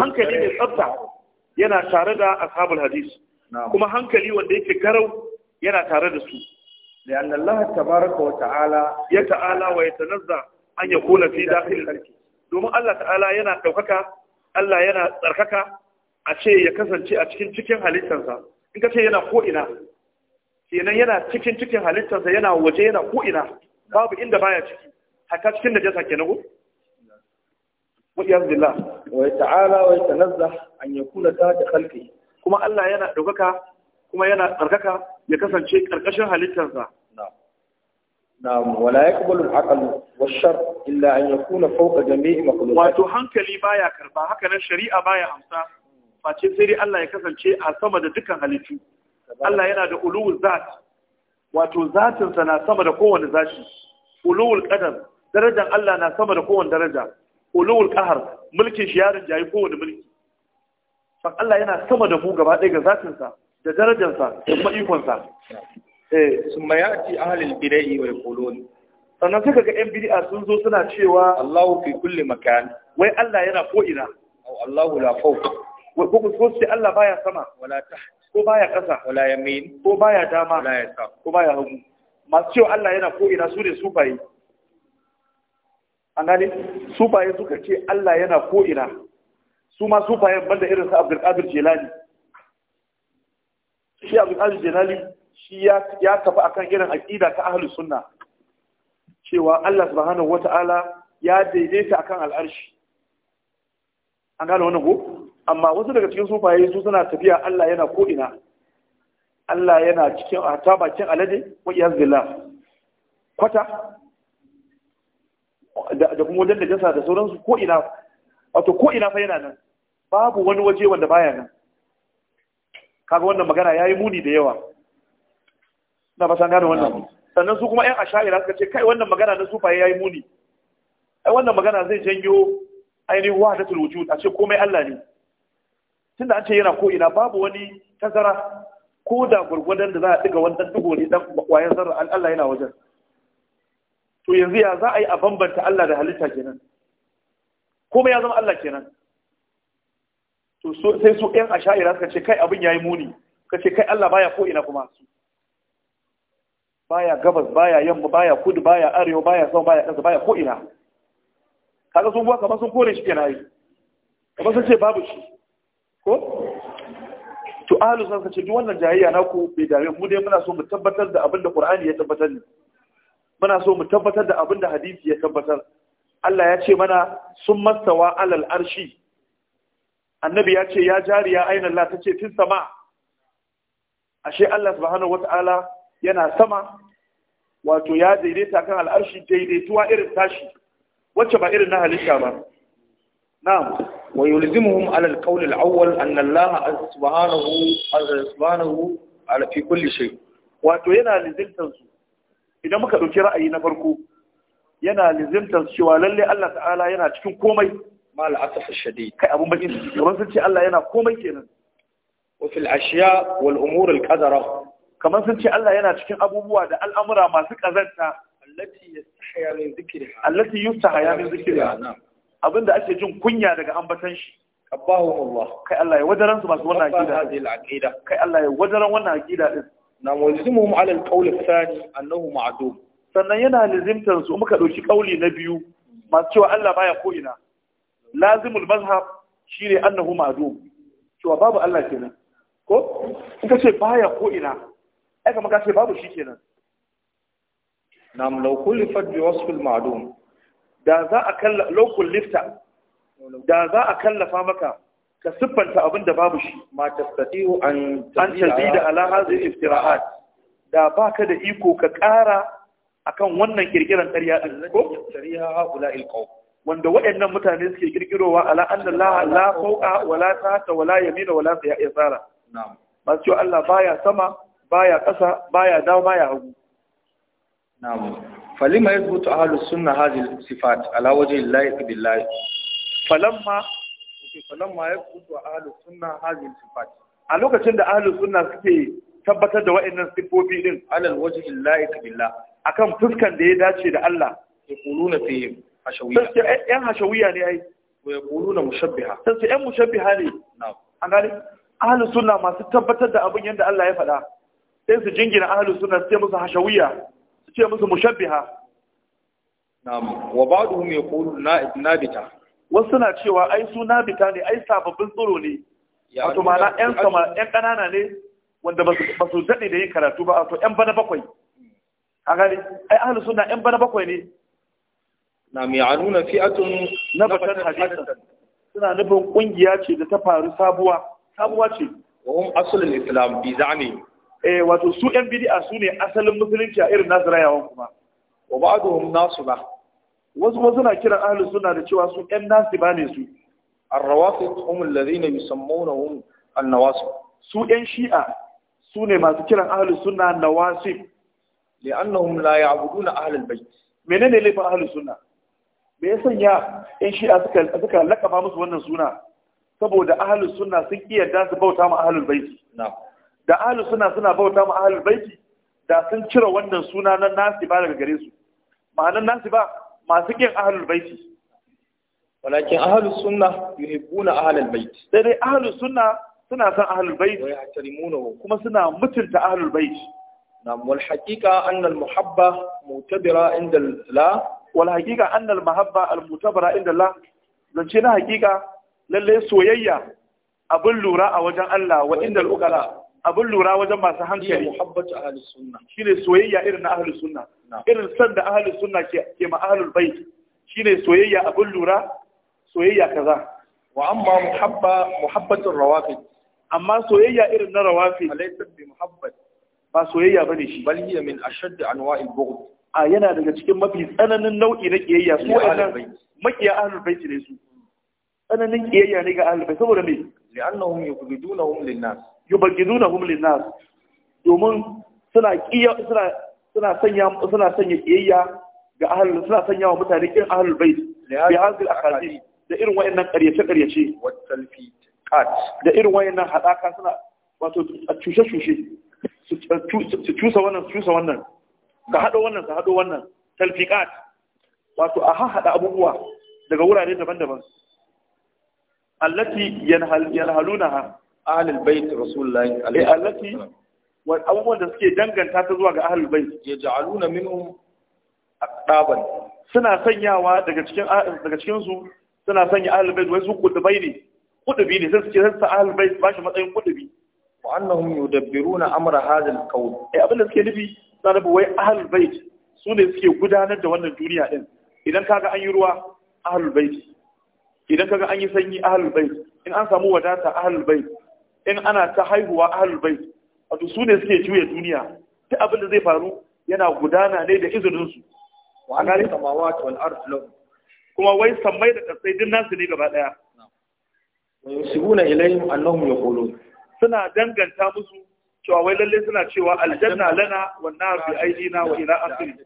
hankali mai tsafta yana tare da ashabul hadis kuma hankali wanda yake garau yana tare da su لأن الله تبارك وتعالى يتعالى ويتنزه أن يكون في داخل الخلق دوما الله تعالى ينا دوكاكا الله ينا ya أشي يكسن شيء أشكين شكين In إنك شيء ينا قوئنا kenan yana cikin cikin halittarsa yana waje yana ko'ina babu inda baya ciki hatta cikin da jasa kenan ko wa'iyaz billah wa ta'ala wa yatanazzah an yakuna ta da khalqi kuma Allah yana ɗaukaka, kuma yana tsarkaka ya kasance ƙarƙashin halittarsa na'am wala yaqbalu al-aql wa shar illa an ya yakuna fawqa jami'i makhluqat wato hankali baya karba haka nan shari'a baya amsa face sai dai Allah ya kasance a sama da dukkan halittu Allah yana da ulul zat wato zatinsa na sama da kowane zashi ulul qadar darajar Allah na sama da kowane daraja ulul qahar mulkin shi ya rinjayi kowane mulki san Allah yana sama da mu gaba ɗaya ga zatinsa da darajarsa da kuma ikonsa eh summa ya'ti ahlul bid'i wal qulun sannan suka ga 'yan bid'a sun zo suna cewa Allahu fi kulli makan wai Allah yana ko ina Allahu la fawq wai ko ko sai Allah baya sama wala tahta ko baya ƙasa wala yamin ko baya dama wala yasa ko baya hagu masu cewa Allah yana ko ina su ne sufaye an gane sufaye suka ce Allah yana ko ina su ma sufayen banda irin sa Abdul Qadir Jilani shi Abdul Qadir Jilani shi ya ya tafi akan irin aqida ta ahlus sunna cewa Allah subhanahu wata'ala ya daidaita akan al'arshi an gane wannan ko amma wasu daga cikin sufaye su suna tafiya Allah yana ko ina Allah yana cikin a ta bakin alade wa iya billah kwata da kuma wajen da jasa da sauransu ko ina wato ko ina fa yana nan babu wani waje wanda baya nan kaga wannan magana ya yi muni da yawa na basan gane wannan sannan su kuma 'yan asha'ira suka ce kai wannan magana na sufaye ya yi muni ai wannan magana zai janyo ainihin wahdatul wujud a ce komai Allah ne tunda an ce yana ko ina babu wani tazara ko da gurgurdan da za a diga wannan dugo ne dan kwayan zarra Allah yana wajen to yanzu ya za a yi a bambanta Allah da halitta kenan kuma ya zama Allah kenan to sai su ɗan asha'ira suka ce kai abin yayi muni ka ce kai Allah baya ko ina kuma su baya gabas baya yamma baya kudu baya arewa baya sama baya ƙasa baya ko ina kaga sun kuwa kamar sun kore shi kenan kamar sun ce babu shi ko to ahlus sunna ce duk wannan jayayya na ku bai dare mu dai muna so mu tabbatar da abin da qur'ani ya tabbatar ne muna so mu tabbatar da abin da hadisi ya tabbatar Allah ya ce mana sun mastawa alal arshi annabi ya ce ya jariya aina Allah ta ce sama ashe Allah subhanahu wata'ala yana sama wato ya daidaita kan al'arshi daidaituwa irin tashi wacce ba irin na halitta ba نعم ويلزمهم على القول الأول أن الله سبحانه سبحانه على في كل شيء wato yana lizimtar su idan muka ɗauki ra'ayi na farko yana lizimtar su cewa lalle Allah ta'ala yana cikin komai ma al'asaf shadi kai abun bakin sun ce Allah yana komai kenan wa fil wal umur al kamar sun ce Allah yana cikin abubuwa da al'amura masu kazanta allati yastahya min zikriha abinda ake jin kunya daga ambatan shi abahum Allah kai Allah ya wadaran su masu wannan aqida kai Allah ya wadaran wannan aqida din na mulzimuhum ala alqawl athani annahu ma'dum sannan yana lazimtar su muka dauki kauli na biyu masu cewa Allah baya ko ina lazimul mazhab shine annahu ma'dum cewa babu Allah kenan ko in ka ce baya ko ina ai kamar ka ce babu shi kenan nam law kulifat bi wasfil ma'dum da za a kalla local lifter da za a kallafa maka ka siffanta abin da babu shi ma tastati'u an an tazida ala hadhihi iftira'at da baka da iko ka ƙara akan wannan kirkiran ƙarya din ko shari'a haula ilqaw wanda waɗannan mutane suke kirkirowa ala anna la la fawqa wala tahta wala yamina wala yasara na'am ce Allah baya sama baya ƙasa baya dawo baya hagu na'am falima yathbutu ahlu sunna hadhihi sifat ala wajhi laiq billahi falamma falamma yathbutu ahlu sunna hadhihi sifat a lokacin da ahlu sunna suke tabbatar da wa'annan sifofi din alal wajhi laiq billah akan fuskan da ya dace da Allah ya kuluna fihim hashawiyya sai eh, yan hashawiyya ne ai wa yaquluna mushabbiha sai yan mushabbiha ne na'am an gane ahlus sunna masu tabbatar da abin yadda Allah ya faɗa sai su jingina ahlus sunna sai musu hashawiyya ce musu mushabbiha na'am wa ba'dhum yaqulu nabita wasu na cewa ai su nabita ne ai sababbin tsoro ne wato ma'ana yan sama yan kanana ne wanda ba su dade da yin karatu ba wato yan bana bakwai a gani ai ahlus sunna yan bana bakwai ne na'am ya'anuna fi'atun nabatan hadithan suna nufin kungiya ce da ta faru sabuwa sabuwa ce wa hum aslul islam bi za'mi eh wato su yan bid'a su ne asalin musulunci a irin nasu rayawan kuma wa ba nasu ba? wasu kuma suna kiran ahalin suna da cewa su yan nasiba ne su ar-rawafid hum alladhina yusammunahum an-nawasib su yan shi'a su ne masu kiran ahlus sunna nawasib li'annahum la ya'buduna ahlul bayt menene laifin ahalin suna? me ya sanya yan shi'a suka suka lakaba musu wannan suna saboda ahalin suna sun iya da su bauta ma ahalin bayt na'am da ahlus suna suna bauta ma ahlul baiti da sun cire wannan suna na ba daga gare su ma'anan ba masu kin ahlul baiti walakin ahlus sunna yuhibbuna ahlul bait sai dai ahlus sunna suna san ahlul bait wa yahtarimunahu kuma suna mutunta ahlul bait nam wal haqiqa anna al muhabba mutabira inda la wal haqiqa anna al mahabba al mutabira inda la zance na haqiqa lalle soyayya abin lura a wajen Allah wa inda al ukala abin lura wajen masu hankali muhabbatu ahli shine soyayya irin na ahli sunna irin san da ahli sunna ke ke ma ahlul bait shine soyayya abin lura soyayya kaza wa amma muhabba muhabbatur rawafid amma soyayya irin na rawafid alaysa bi ba soyayya bane shi bal hiya min ashadd anwa'il bughd a yana daga cikin mafi tsananin nau'i na kiyayya su wa'annan makiya ahlul bait ne su tsananin kiyayya ne ga ahlul bait saboda me li'annahum yuqridunahum lin-nas yubghidunahum linnas domin suna kiya suna suna sanya suna sanya kiyayya ga ahlul suna sanya wa mutane kin ahlul bait bi hadhihi al-ahadith da irin wayannan ƙaryace ƙaryace wa qat da irin wayannan hadaka suna wato a cushe cushe su cusa wannan su cusa wannan ka hado wannan ka hado wannan talfiqat wato a hada abubuwa daga wurare daban-daban allati yanhal yanhalunaha ahlul bait rasulullahi alaihi eh, allati wa abubuwan da suke danganta ta zuwa ga ahlul bait ja'aluna minhum aqdaban suna sanyawa daga cikin daga cikin su suna sanya ahlul bait wai su kudubai ne kudubi ne sai suke sa ahlul bait ba shi matsayin kudubi wa annahum yudabbiruna amra hadhal qawl eh abin da suke nufi sai da wai ahlul bait su ne suke gudanar da wannan duniya din idan kaga an yi ruwa ahlul bait idan kaga an yi sanyi ahlul bait in an samu wadata ahlul bait in ana ta haihuwa halin bai. A su ne suke juya duniya ta abin da zai faru yana gudana ne da izinin su wa anari samawati wal ardi lahum kuma wai sammai da kasai din nasu ne gaba daya wa yusibuna ilayhim annahum yaqulun suna danganta musu cewa wai lalle suna cewa aljanna lana wannan nar bi aidina wa ila akhirih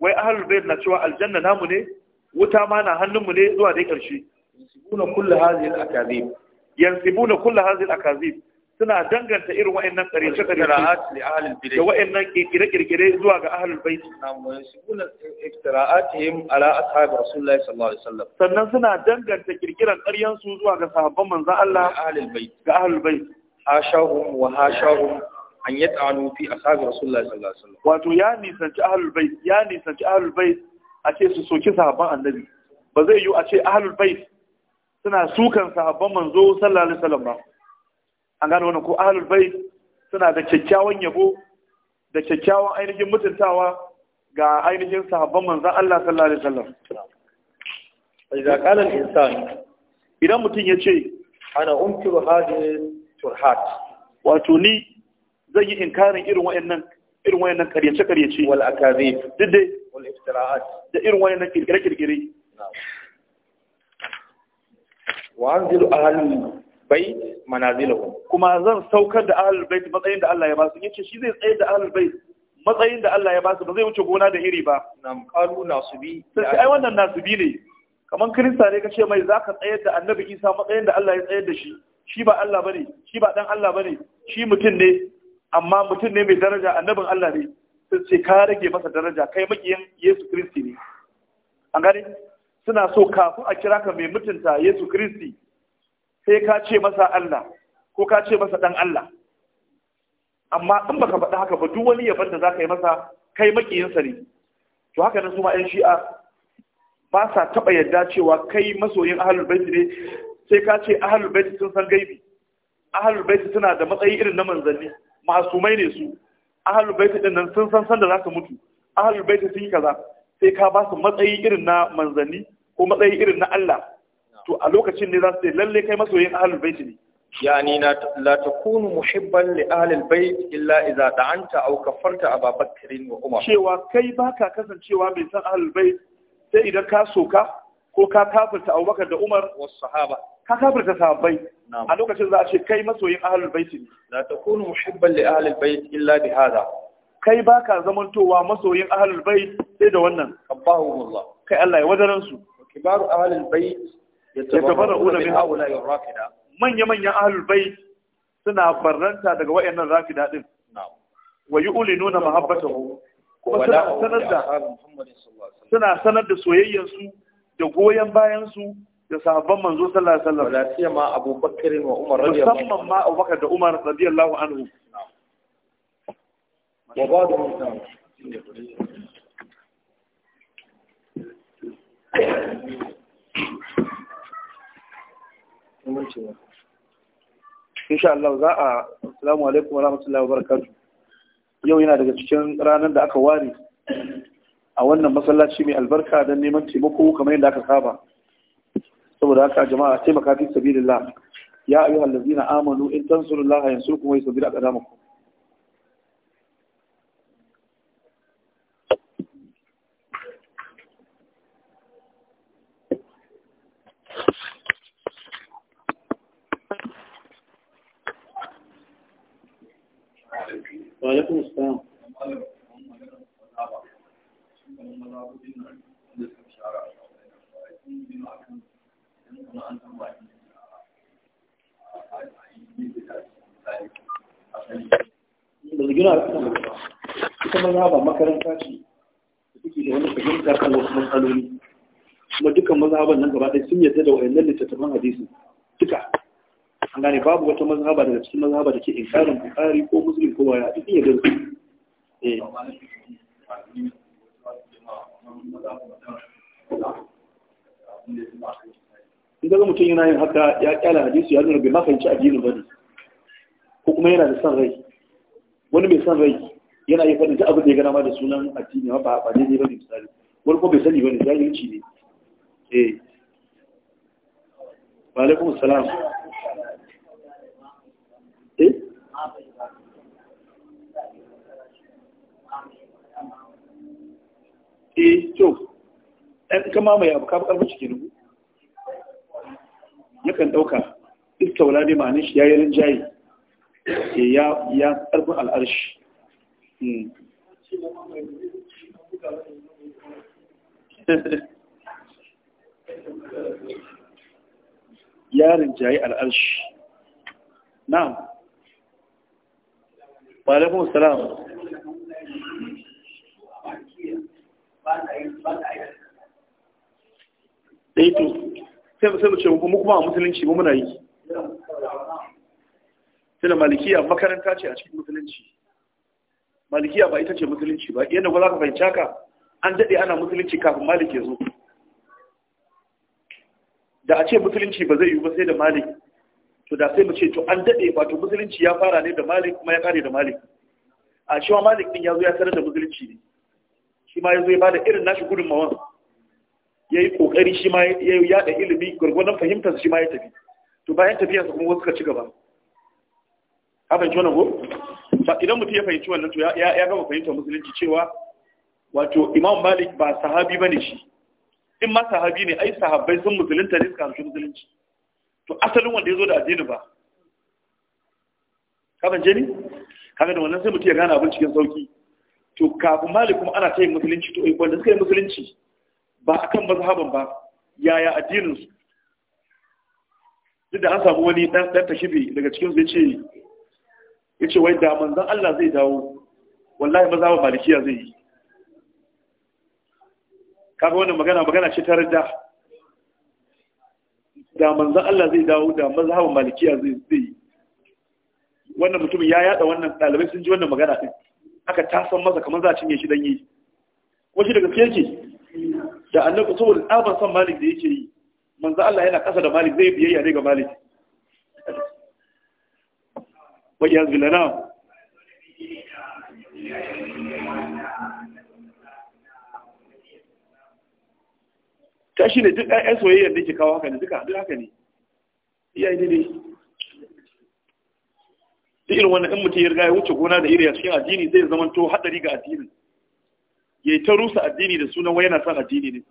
wai halin bai na cewa aljanna namu ne wuta ma na hannunmu ne zuwa dai karshe yusibuna kullu hadhihi al yansibuna kullu hadhihi al-akazib suna danganta irin wa'annan ƙarshe ƙarshe da wa'annan kirkire-kirkire zuwa ga ahlul bait sannan suna danganta kirkiran ƙaryan su zuwa ga sahabban manzon Allah ga ahlul bait hashahum wa hashahum an yat'anu fi rasulullahi sallallahu alaihi wasallam wato ya nisanci ahlul bait ya nisanci a ce su soki sahabban annabi ba zai yiwu a ce ahlul bait suna sukan sahabban manzo sallallahu alaihi wasallam ba an gano wannan ko ahlul bait suna da kyakkyawan yabo da kyakkyawan ainihin mutuntawa ga ainihin sahabban manzo Allah sallallahu alaihi wasallam idza qala al-insan idan mutum yace ana unkiru hadin turhat wato ni zan yi inkarin irin wayannan irin wayannan kariyace kariyace wal akazib duk dai wal iftira'at da irin wayannan kirkire kirkire wa اهل البيت bait كما kuma zan saukar da البيت متين matsayin da Allah ya شي زي تسيد shi zai tsayar da ahlul bait matsayin da Allah ya basu. ba zai wuce gona da iri ba nam sai ai wannan nasubi ne kaman kirista ne kace mai zaka tsayar da annabi Isa matsayin da Allah ya tsayar da shi shi ba Allah bane shi ba dan Allah bane shi mutum ne amma mutum ne mai daraja annabin Allah ne sai ce ka rage masa daraja kai makiyin Yesu Kiristi ne an gane suna so kafin a kira ka mai mutunta Yesu Kiristi sai ka ce masa Allah ko ka ce masa ɗan Allah amma in baka faɗi haka ba duk wani yaban da ka yi masa kai makiyinsa ne to haka nan su ma 'yan shi'a ba sa taɓa yarda cewa kai masoyin ahalul baiti ne sai ka ce ahalul baiti sun san gaibi Ahalul baiti suna da matsayi irin na manzanni masumai ne su Ahalul baiti ɗin nan sun san sanda za su mutu Ahalul baiti sun yi kaza sai ka ba su matsayi irin na manzanni ko matsayi irin na Allah to a lokacin ne za su ce lalle kai masoyin ahlul bait ne yani la takunu muhibban li ahlil bait illa idza da'anta aw kaffarta Aba Bakr wa Umar cewa kai baka kasancewa mai san ahlul bait sai idan ka soka ko ka kafirta Abu Bakar da Umar wa sahaba ka kafirta sahabbai a lokacin za a ce kai masoyin ahlul bait ne la takunu muhibban li ahlil bait illa bi hada kai baka zamantowa masoyin ahlul bait sai da wannan kabbahu Allah kai Allah ya wadaran su kibaru ahlul bait manya manyan ahlul bait suna barranta daga wayannan rafida din wa yu'linuna mahabbatahu kuma suna sanar da suna sanar da da goyon bayansu da sahabban manzo sallallahu musamman ma abubakar da umar radiyallahu anhu wa insha Allah za a Salamu alaikum wa rahmatullahi wa barakatuh yau yana daga cikin ranar da aka ware a wannan masallaci mai albarka don neman taimako kamar yadda aka saba saboda haka jama'a taimaka fi sabilillah ya ayyuhallazina amanu in tansurullaha yansurukum wa yusabbir aqdamakum alaikum salam da gina ita maza ba makaranta ce da suke da wani fahimta kan wasu matsaloli kuma dukkan maza nan gaba ɗaya sun yadda da wayannan littattafan hadisi duka an gane babu wata mazhaba daga cikin mazhaba da ke inkarin bukari ko muslim ko waya duk iya gaza eh in ga mutum yana yin haka ya kyala hadisi ya nuna bai makanci addinin bane ko kuma yana da san rai wani mai san rai yana yi faɗin abin da ya gana ma da sunan addini ba ba ne ba ne misali wani ko bai sani ba ne jahilci ne eh wa alaikum salam eh to ɗan kama mai abu kafa ƙarfi cikin rubu yakan ɗauka istaula ne ma'anin shi ya yi rinjaye eh, ya ya ƙarfin al'arshi hmm. ya rinjaye al'arshi na'am wa alaikum salam dai eh sai mu sai mu ce mu a musulunci mu muna yi tana malikiya makaranta ce a cikin musulunci malikiya ba ita ce musulunci ba yadda ba za ka fahimci haka an daɗe ana musulunci kafin malik ya zo da a ce musulunci ba zai yi ba sai da malik to da sai mu ce to an dade wato musulunci ya fara ne da malik kuma ya kare da malik a cewa malik din ya zo ya sanar da musulunci ne shi ma ya zo ya bada irin nashi gudunmawan ya yi kokari shi ma ya yada ilimi gwargwadon fahimtar shi ma ya tafi to bayan tafiyarsa kuma wasu ka ci gaba ka fahimci wani ko idan mutum ya fahimci wannan to ya gama fahimtar musulunci cewa wato imam malik ba sahabi bane shi in ma sahabi ne ai sahabbai sun musulunta ne suka hamshi musulunci to asalin wanda ya zo da addini ba kafin jini kaga da wannan sai mutum ya gane abin cikin sauki to kafin mali kuma ana ta yin musulunci to wanda suka yi musulunci ba a kan mazhaban ba yaya addininsu? duk da an samu wani ɗan dan tashibi daga cikin su ya ce wai da zan Allah zai dawo wallahi mazhaban malikiya zai yi kafin wannan magana magana ce ta radda da manzan Allah zai dawo da mazhabin malikiya zai yi wannan mutumin ya yada wannan dalibai sun ji wannan magana din aka tasan masa kamar za a cinye shi dan yi shi daga gaske ce da annabi saboda tsaban son malik da yake yi manzan Allah yana ƙasa da malik zai biyayya ne ga malik wajen iyaz ta shi ne duk ɗan soyayyar da ke kawo haka ne duka duk haka ne iyaye ne ne. duk irin wannan in mutum ya riga ya wuce gona da iri a cikin addini zai zama to haɗari ga addinin ya yi ta rusa addini da sunan wani yana son addini ne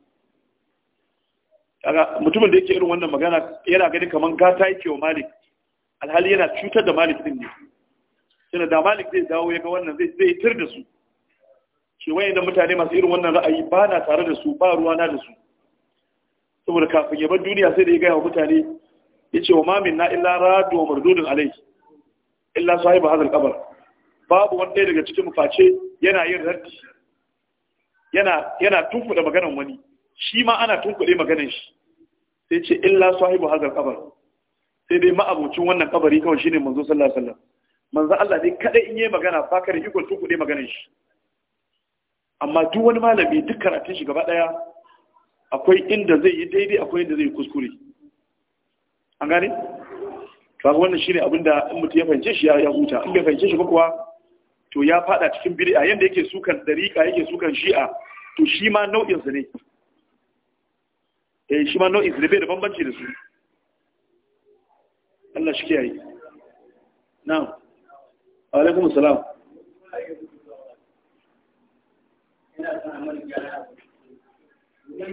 mutumin da yake irin wannan magana yana gani kamar gata yake wa malik alhali yana cutar da malik din ne tunda da malik zai dawo ya ga wannan zai zai tir da su shi wayan da mutane masu irin wannan ra'ayi ba na tare da su ba ruwa na da su saboda kafin ya bar duniya sai da ya gaya wa mutane ya ce wa mamin na illa radu wa mardudin alai illa sahiba hazal kabar babu wani ɗaya daga cikin face yana yin raddi yana yana tunkuɗe maganar wani shi ma ana tunkuɗe maganar shi sai ce illa sahibu hazal kabar sai dai ma'abocin wannan kabari kawai shine manzo sallallahu alaihi wasallam manzo Allah ne kada in yi magana ba ka da iko tunkuɗe maganar shi amma duk wani malami duk karatun shi gaba ɗaya akwai inda zai yi daidai akwai inda zai yi kuskure an gane kaga wannan shine abin da in mutum ya fahimce shi ya huta in bai fahimce shi ba kuwa to ya fada cikin bid'a yanda yake sukan dariqa yake sukan shi'a to shi ma nau'in sa ne eh shi ma nau'in ne, bai da bambanci da su Allah shi kiyaye na'am alaikum salam ina san amal gyara To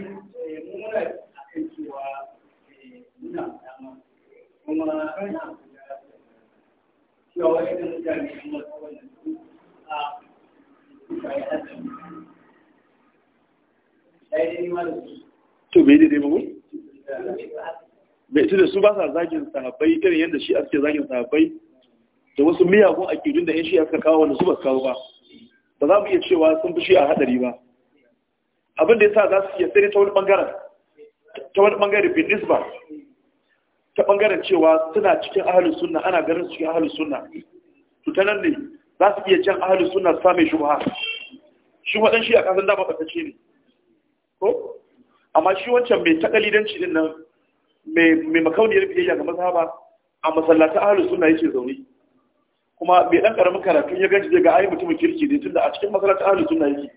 me daidai mabu? da su ba sa zagin sahabbai irin yadda shi ake zagin sahabbai da wasu miyagun a akidun da 'yan shi aka kawo wanda su ba kawo ba. Ba za mu iya cewa sun fi shi a hadari ba. abin da ya sa za su iya sai ta wani bangaren ta wani bangaren bin nisba ta bangaren cewa suna cikin ahlus sunna ana garin cikin ahlus sunna to ta nan ne za su iya jan ahlus sunna su same ba shi wadan shi a kasan da ba ce ne ko amma shi wancan mai takalidanci din nan mai mai makauniyar biyayya ga mazhaba a masallata ahlus sunna yake zaune kuma mai dan karamin karatu ya gaji zai ga ai mutumin kirki ne tunda a cikin masallata ahlus sunna yake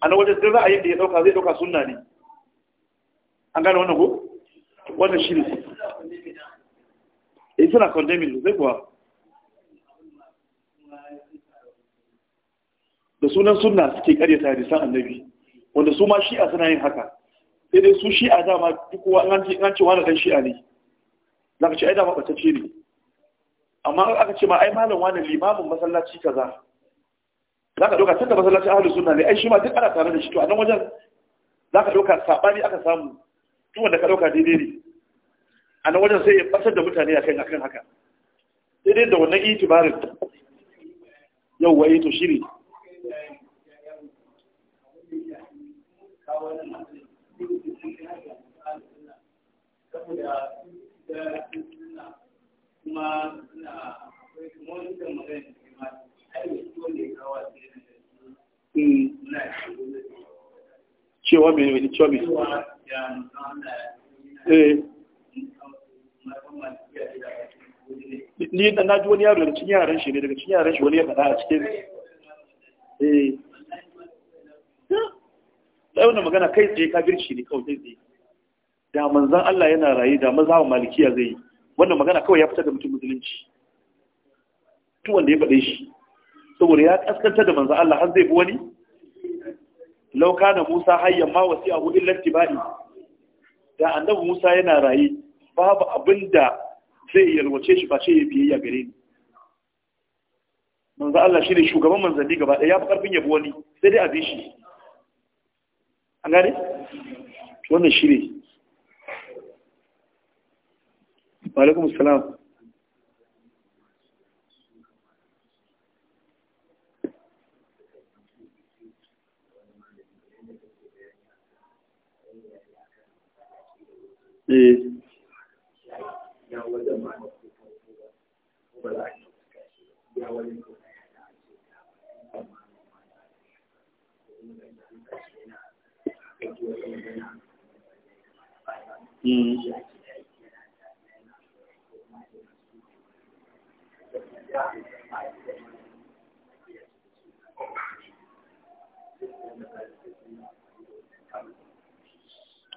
Ana na wajen za a yi da ya dauka zai dauka sunna ne an gane wannan ko wannan shi ne eh suna condemning zai kuwa da sunan sunna suke karyata hadisan annabi wanda su ma shi'a suna yin haka sai dai su shi'a dama duk wa an ce wani dan shi'a ne zaka ce ai dama batacce ne amma aka ce ma ai malam wani limamin masallaci kaza za ka ɗauka tun da masallacin ahalus suna ne ai shi ma duk ana tare da shi to a nan wajen za ka ɗauka saɓani aka samu duk wanda ka ɗauka daidai ne a nan wajen sai ya ɓatar da mutane a kan akan haka daidai da wannan itibarin yau wai eh, to shiri. kuma na akwai kuma wani magana da ke ma wanda ya kawai cewa mai wani cewa mai eh. ni da na ji wani yaro daga cin yaran shi ne daga cin yaran shi wani ya faɗa a cikin eh sai magana kai tsaye kafirci ne kawai kai tsaye da manzan Allah yana raye da maza wa malikiya zai yi wannan magana kawai ya fita da mutum musulunci tu wanda ya faɗe shi saboda ya kaskanta da manzo Allah har zai bi wani lauka na Musa hayyan ma wasi'ahu illa ittiba'i da annabi Musa yana rayi babu abinda zai yalwace shi ba ce ya biyayya gare ni manzo Allah shi ne shugaban manzanni gaba ɗaya ya fi karfin yabi wani sai dai a bi shi an gane wannan shi wa alaikum assalam eh Mm.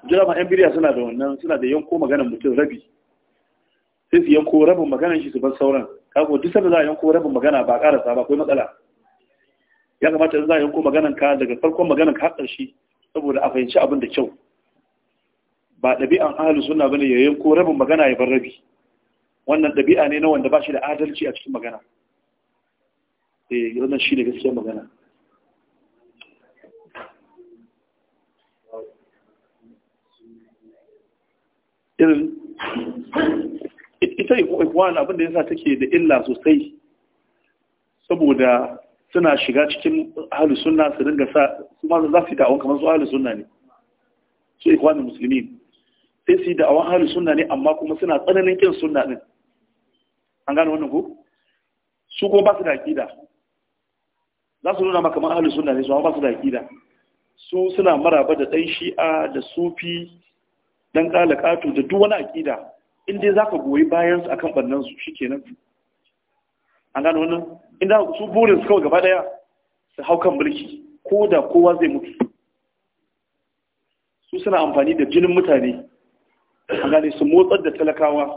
jirama yan biriya suna da wannan suna da yanko maganar mutum rabi sai su yanko rabin maganar shi su bar sauran kago duk sanda za a yanko rabin magana ba karasa ba akwai matsala ya kamata za a yanko maganar ka daga farkon maganar ka haɗar shi saboda a fahimci abin da kyau ba ɗabi'an ahalu suna bane ya yanko rabin magana ya bar rabi wannan ɗabi'a ne na wanda ba shi da adalci a cikin magana eh wannan shi ne gaskiyar magana irin ita ikwan abinda sa take da illa sosai saboda suna shiga cikin ahli suna su dinga sa su za su yi da'awan kamar su ahli suna ne su ikwanin musulmi sai su yi da'awan ahli suna ne amma kuma suna tsananin kin sunna ne. an gane wannan ko su kuma ba su da aqida za su nuna maka kamar ahli ne su ba su da aqida su suna maraba da ɗan shi'a da sufi dan kalakatu da duk wani akida in dai zaka goyi bayan su akan bannan su shikenan an gano wannan in da su burin su kawai gaba daya su hau kan mulki ko da kowa zai mutu su suna amfani da jinin mutane an gane su motsar da talakawa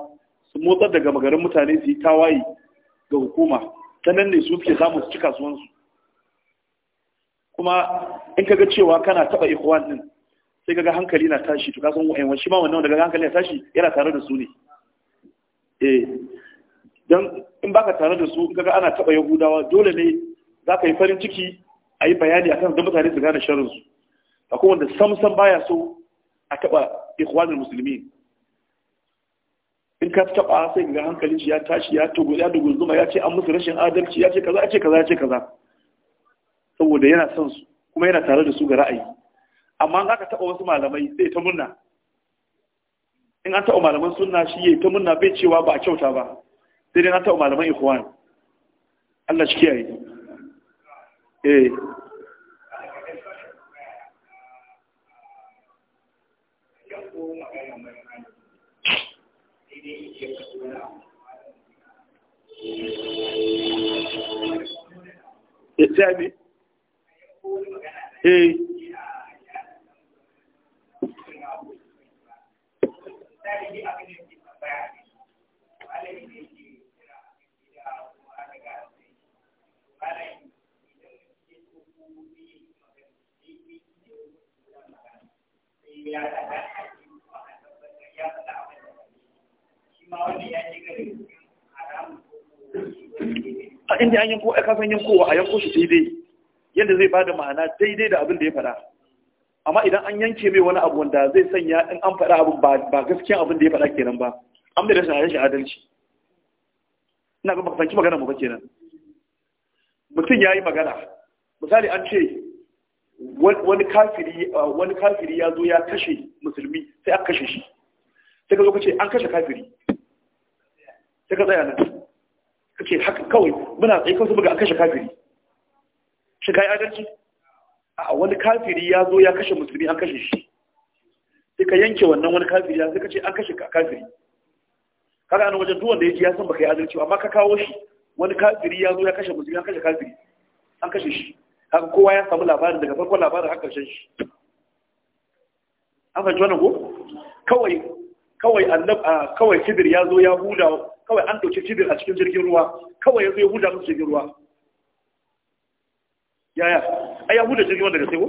su motsar da gamagarin mutane su yi tawaye ga hukuma ta nan ne su ke samu su ci kasuwansu kuma in kaga cewa kana taba ikhwan din sai gaga hankali na tashi to kasan wa'in shi ma wannan daga hankali na tashi yana tare da su ne eh dan in baka tare da su kaga ana taba yahudawa dole ne za ka yi farin ciki a yi bayani kan da mutane su gane sharrin su akwai wanda samsam baya so a taba ikhwanul muslimin in ka taba sai ga hankalin shi ya tashi ya togo ya zuma ya ce an musu rashin adalci ya ce kaza ya ce kaza ya ce kaza saboda yana son su kuma yana tare da su ga ra'ayi amma in aka taɓa wasu malamai sai ta munna in an taɓa malaman sunna shi yayi ta munna bai cewa ba a kyauta ba sai dai an taɓa malaman ikhwan Allah shi kiyaye eh, eh sai me eh galibi abin an a inda an yanko a a yanko shi daidai yadda zai bada ma'ana daidai da abin da ya faɗa amma idan an yanke mai wani abu wanda zai sanya in an faɗa abu ba gaskiyan abin da ya faɗa kenan ba an bai rashin rashin adalci ina ga fanki magana mu ba kenan mutum ya yi magana misali an ce wani kafiri uh, wani kafiri ya zo ya kashe musulmi sai aka kashe shi sai ka zo ka ce an kashe kafiri sai ka tsaya nan ka ce haka kawai muna tsaye kan su buga an kashe kafiri shi ka yi adalci a wani kafiri ya zo ya kashe musulmi an kashe shi sai ka yanke wannan wani kafiri ya sai ka ce an kashe ka kafiri kaga an wajen duwanda ya ji ya san baka yi adalci amma ka kawo shi wani kafiri ya zo ya kashe musulmi an kashe kafiri an kashe shi haka kowa ya samu labarin daga farkon labarin har karshen shi an fahimci wannan ko kawai kawai annab kawai kibir ya zo ya huda kawai an dauke kibir a cikin jirgin ruwa kawai ya zo ya huda musu jirgin ruwa yaya ai ya huda jirgin daga sai ko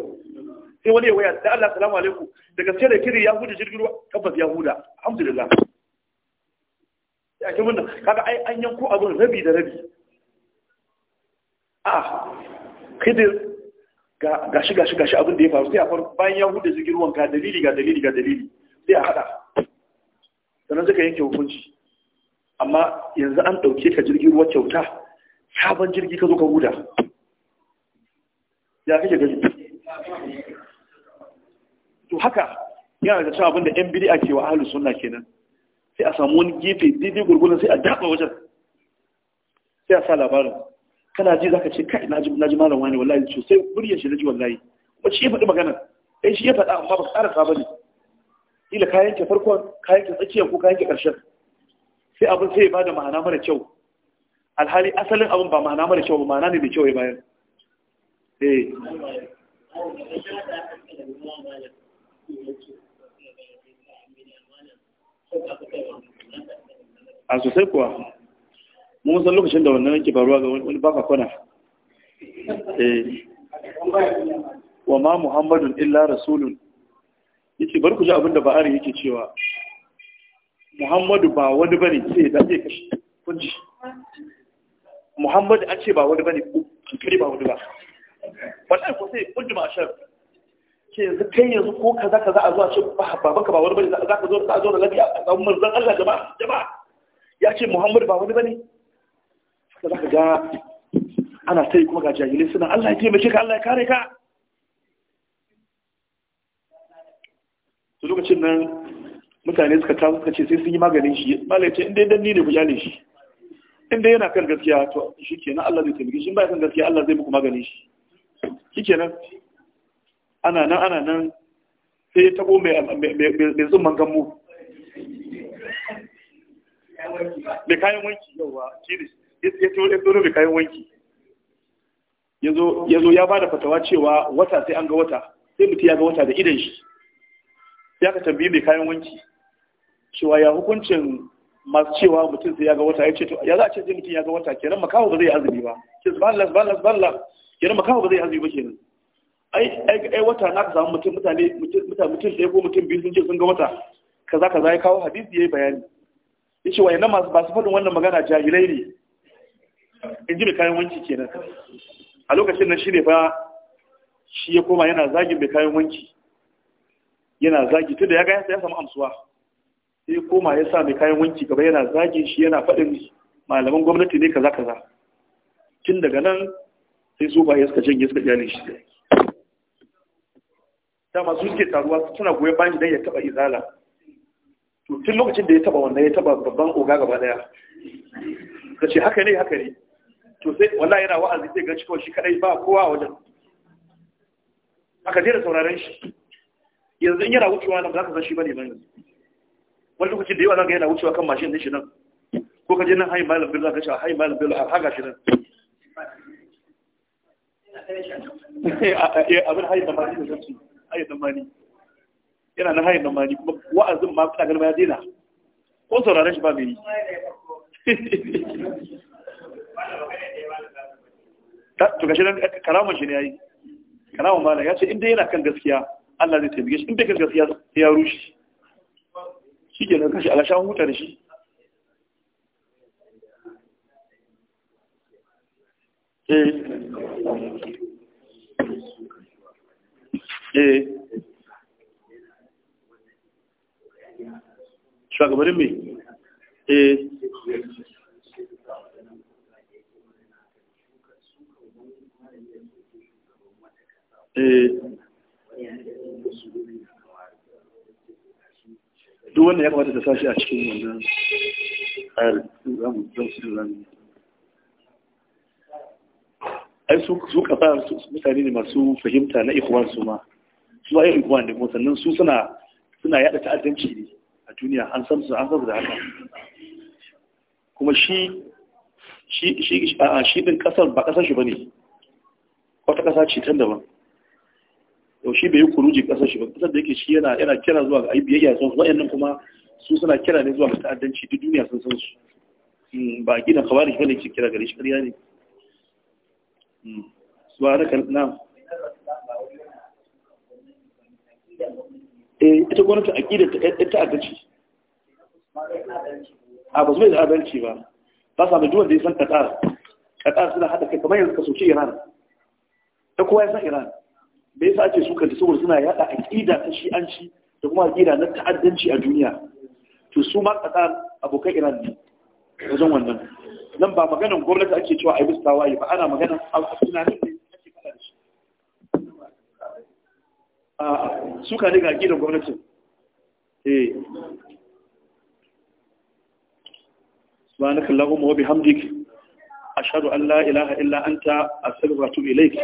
sai wani ya waya da Allah salamu alaikum Daga sai da kiri ya huda jirgin ruwa tabbas ya huda alhamdulillah ya ke mun kaga ai an yanko abin rabi da rabi a ah, khidir ga gashi gashi gashi abin da ya faru sai a faru bayan ya huda jirgin ruwan ga dalili ga dalili ga dalili sai a hada sannan suka yanke hukunci amma yanzu an dauke ka jirgin ruwa kyauta sabon jirgi ka zo ka huda ya kake gani to haka yana da cewa abinda yan bid'a ke wa ahlus sunna kenan sai a samu wani gefe daidai gurgurun sai a daba wajen sai a sa labarin kana ji zaka ce kai naji naji malam wani wallahi Sai buriyar shi naji wallahi kuma shi ya faɗi magana eh shi ya faɗa amma ba tsara ka bane ila kayan ke farkon kayan ke tsakiyar ko kayan ke ƙarshen sai abin sai ya bada ma'ana mara kyau alhali asalin abin ba ma'ana mara kyau ba ma'ana ne mai kyau ya bayar Eh. a sosai kuwa mun san lokacin da wannan yake faruwa ga wani baka kwana eh wa ma muhammadun illa rasulun yake bar ku ji abin da ba'ari yake cewa muhammadu ba wani bane sai da ke kashi kunji muhammadu an ce ba wani bane kankare ba wani ba wallahi ko sai kullu ma shar ke yanzu kai yanzu ko kaza kaza a zuwa ce baban ka ba wani bane za ka zo za a zo da lafiya a samu manzon Allah jama'a jama'a ya ce Muhammad ba wani bane ka za ka ga ana ta yi kuma ga jahilai suna Allah ya taimake ka Allah ya kare ka to lokacin nan mutane suka taso suka ce sai sun yi maganin shi malai ce inda dan ni ne ku jale shi inda yana kan gaskiya to shi kenan Allah zai taimake shi in ba kan gaskiya Allah zai muku maganin shi shikenan ana nan ana nan sai ya tabo mai zumman gammu mai kayan wanki yawa shine ya tsoro ya mai kayan wanki ya zo ya ba da fatawa cewa wata sai an ga wata sai mutum ya ga wata da idan shi ya ka tambayi mai kayan wanki cewa ya hukuncin masu cewa mutum sai ya ga wata ya ce to ya za a ce sai mutum ya ga wata kenan makawo ba zai azumi ba ke subhanallah subhanallah subhanallah kenan makaho ba zai azumi ba kenan ai wata na ka samu mutum mutane mutum ɗaya ko mutum biyu sun ce sun ga wata kaza kaza ya kawo hadisi ya yi bayani ya ce wayannan masu su faɗin wannan magana jahilai ne in ji mai kayan wanki kenan a lokacin nan shi ne fa shi ya koma yana zagin mai kayan wanki yana zagi tunda ya ga ya samu amsuwa sai ya koma ya sa mai kayan wanki gaba yana zagin shi yana faɗin malaman gwamnati ne kaza kaza tun daga nan sai su ba suka janye suka kyale shi Da masu suke taruwa suna goyon bayan idan ya taba izala to tun lokacin da ya taba wannan ya taba babban oga gaba daya ka ce haka ne haka ne to sai wallah yana wa'azi sai ga cikin shi kadai ba kowa wajen aka jera sauraron shi yanzu in yana wucewa nan ba za ka san shi bane ba yanzu wani lokacin da yawa zaka yana wucewa kan mashin din shi nan ko ka je nan hayi malam bello zaka ce hayi malam bello har haga shi nan Eh, eh, abin hayin da mani da zarci hayin da mani yana na hayin da mani kuma wa'azin ma kagar ma ya daina ko sauraron shi ba mai yi to gashi nan karaman shi ne yayi karamun malam ya ce inda yana kan gaskiya Allah zai taimake shi inda kan gaskiya ya rushe shi ke nan kashi alashan huta da shi eh eh shugabannin mai eh. eh duk wanda ya kamata sashi a cikin wannan ai su kasa mutane ne masu fahimta na ikuwar su ma su ai ikuwan da sannan su suna suna yada ta'addanci ne a duniya an san su an san da haka kuma shi shi shi a shi din kasar ba kasar shi bane wata kasa ce tan daban yau shi bai yi kuruji kasar shi ba kasar da yake shi yana yana kira zuwa ga ai biyayya sun wayannan kuma su suna kira ne zuwa ga ta'addanci duk duniya sun san su hmm, ba gidan kawari ne ke kira gare shi ƙarya ne hmm. kan na'am eh ita gwamnati aqida ta ta adalci a ba su mai adalci ba ba sa duwan da ya san Qatar Qatar suna haɗa kai kamar yanzu ka soke Iran ta kowa ya san Iran da yasa ake su kanta saboda suna yada ƙida ta shi'anci da kuma ƙida na ta'addanci a duniya to su ma Qatar abokan Iran ne wajen wannan nan ba maganin gwamnati ake cewa a yi ai tawaye ba ana magana a tunanin suka ne ga gidan gwamnati eh subhanaka allahumma wa bihamdik ashhadu an la ilaha illa anta astaghfiruka wa atubu ilaik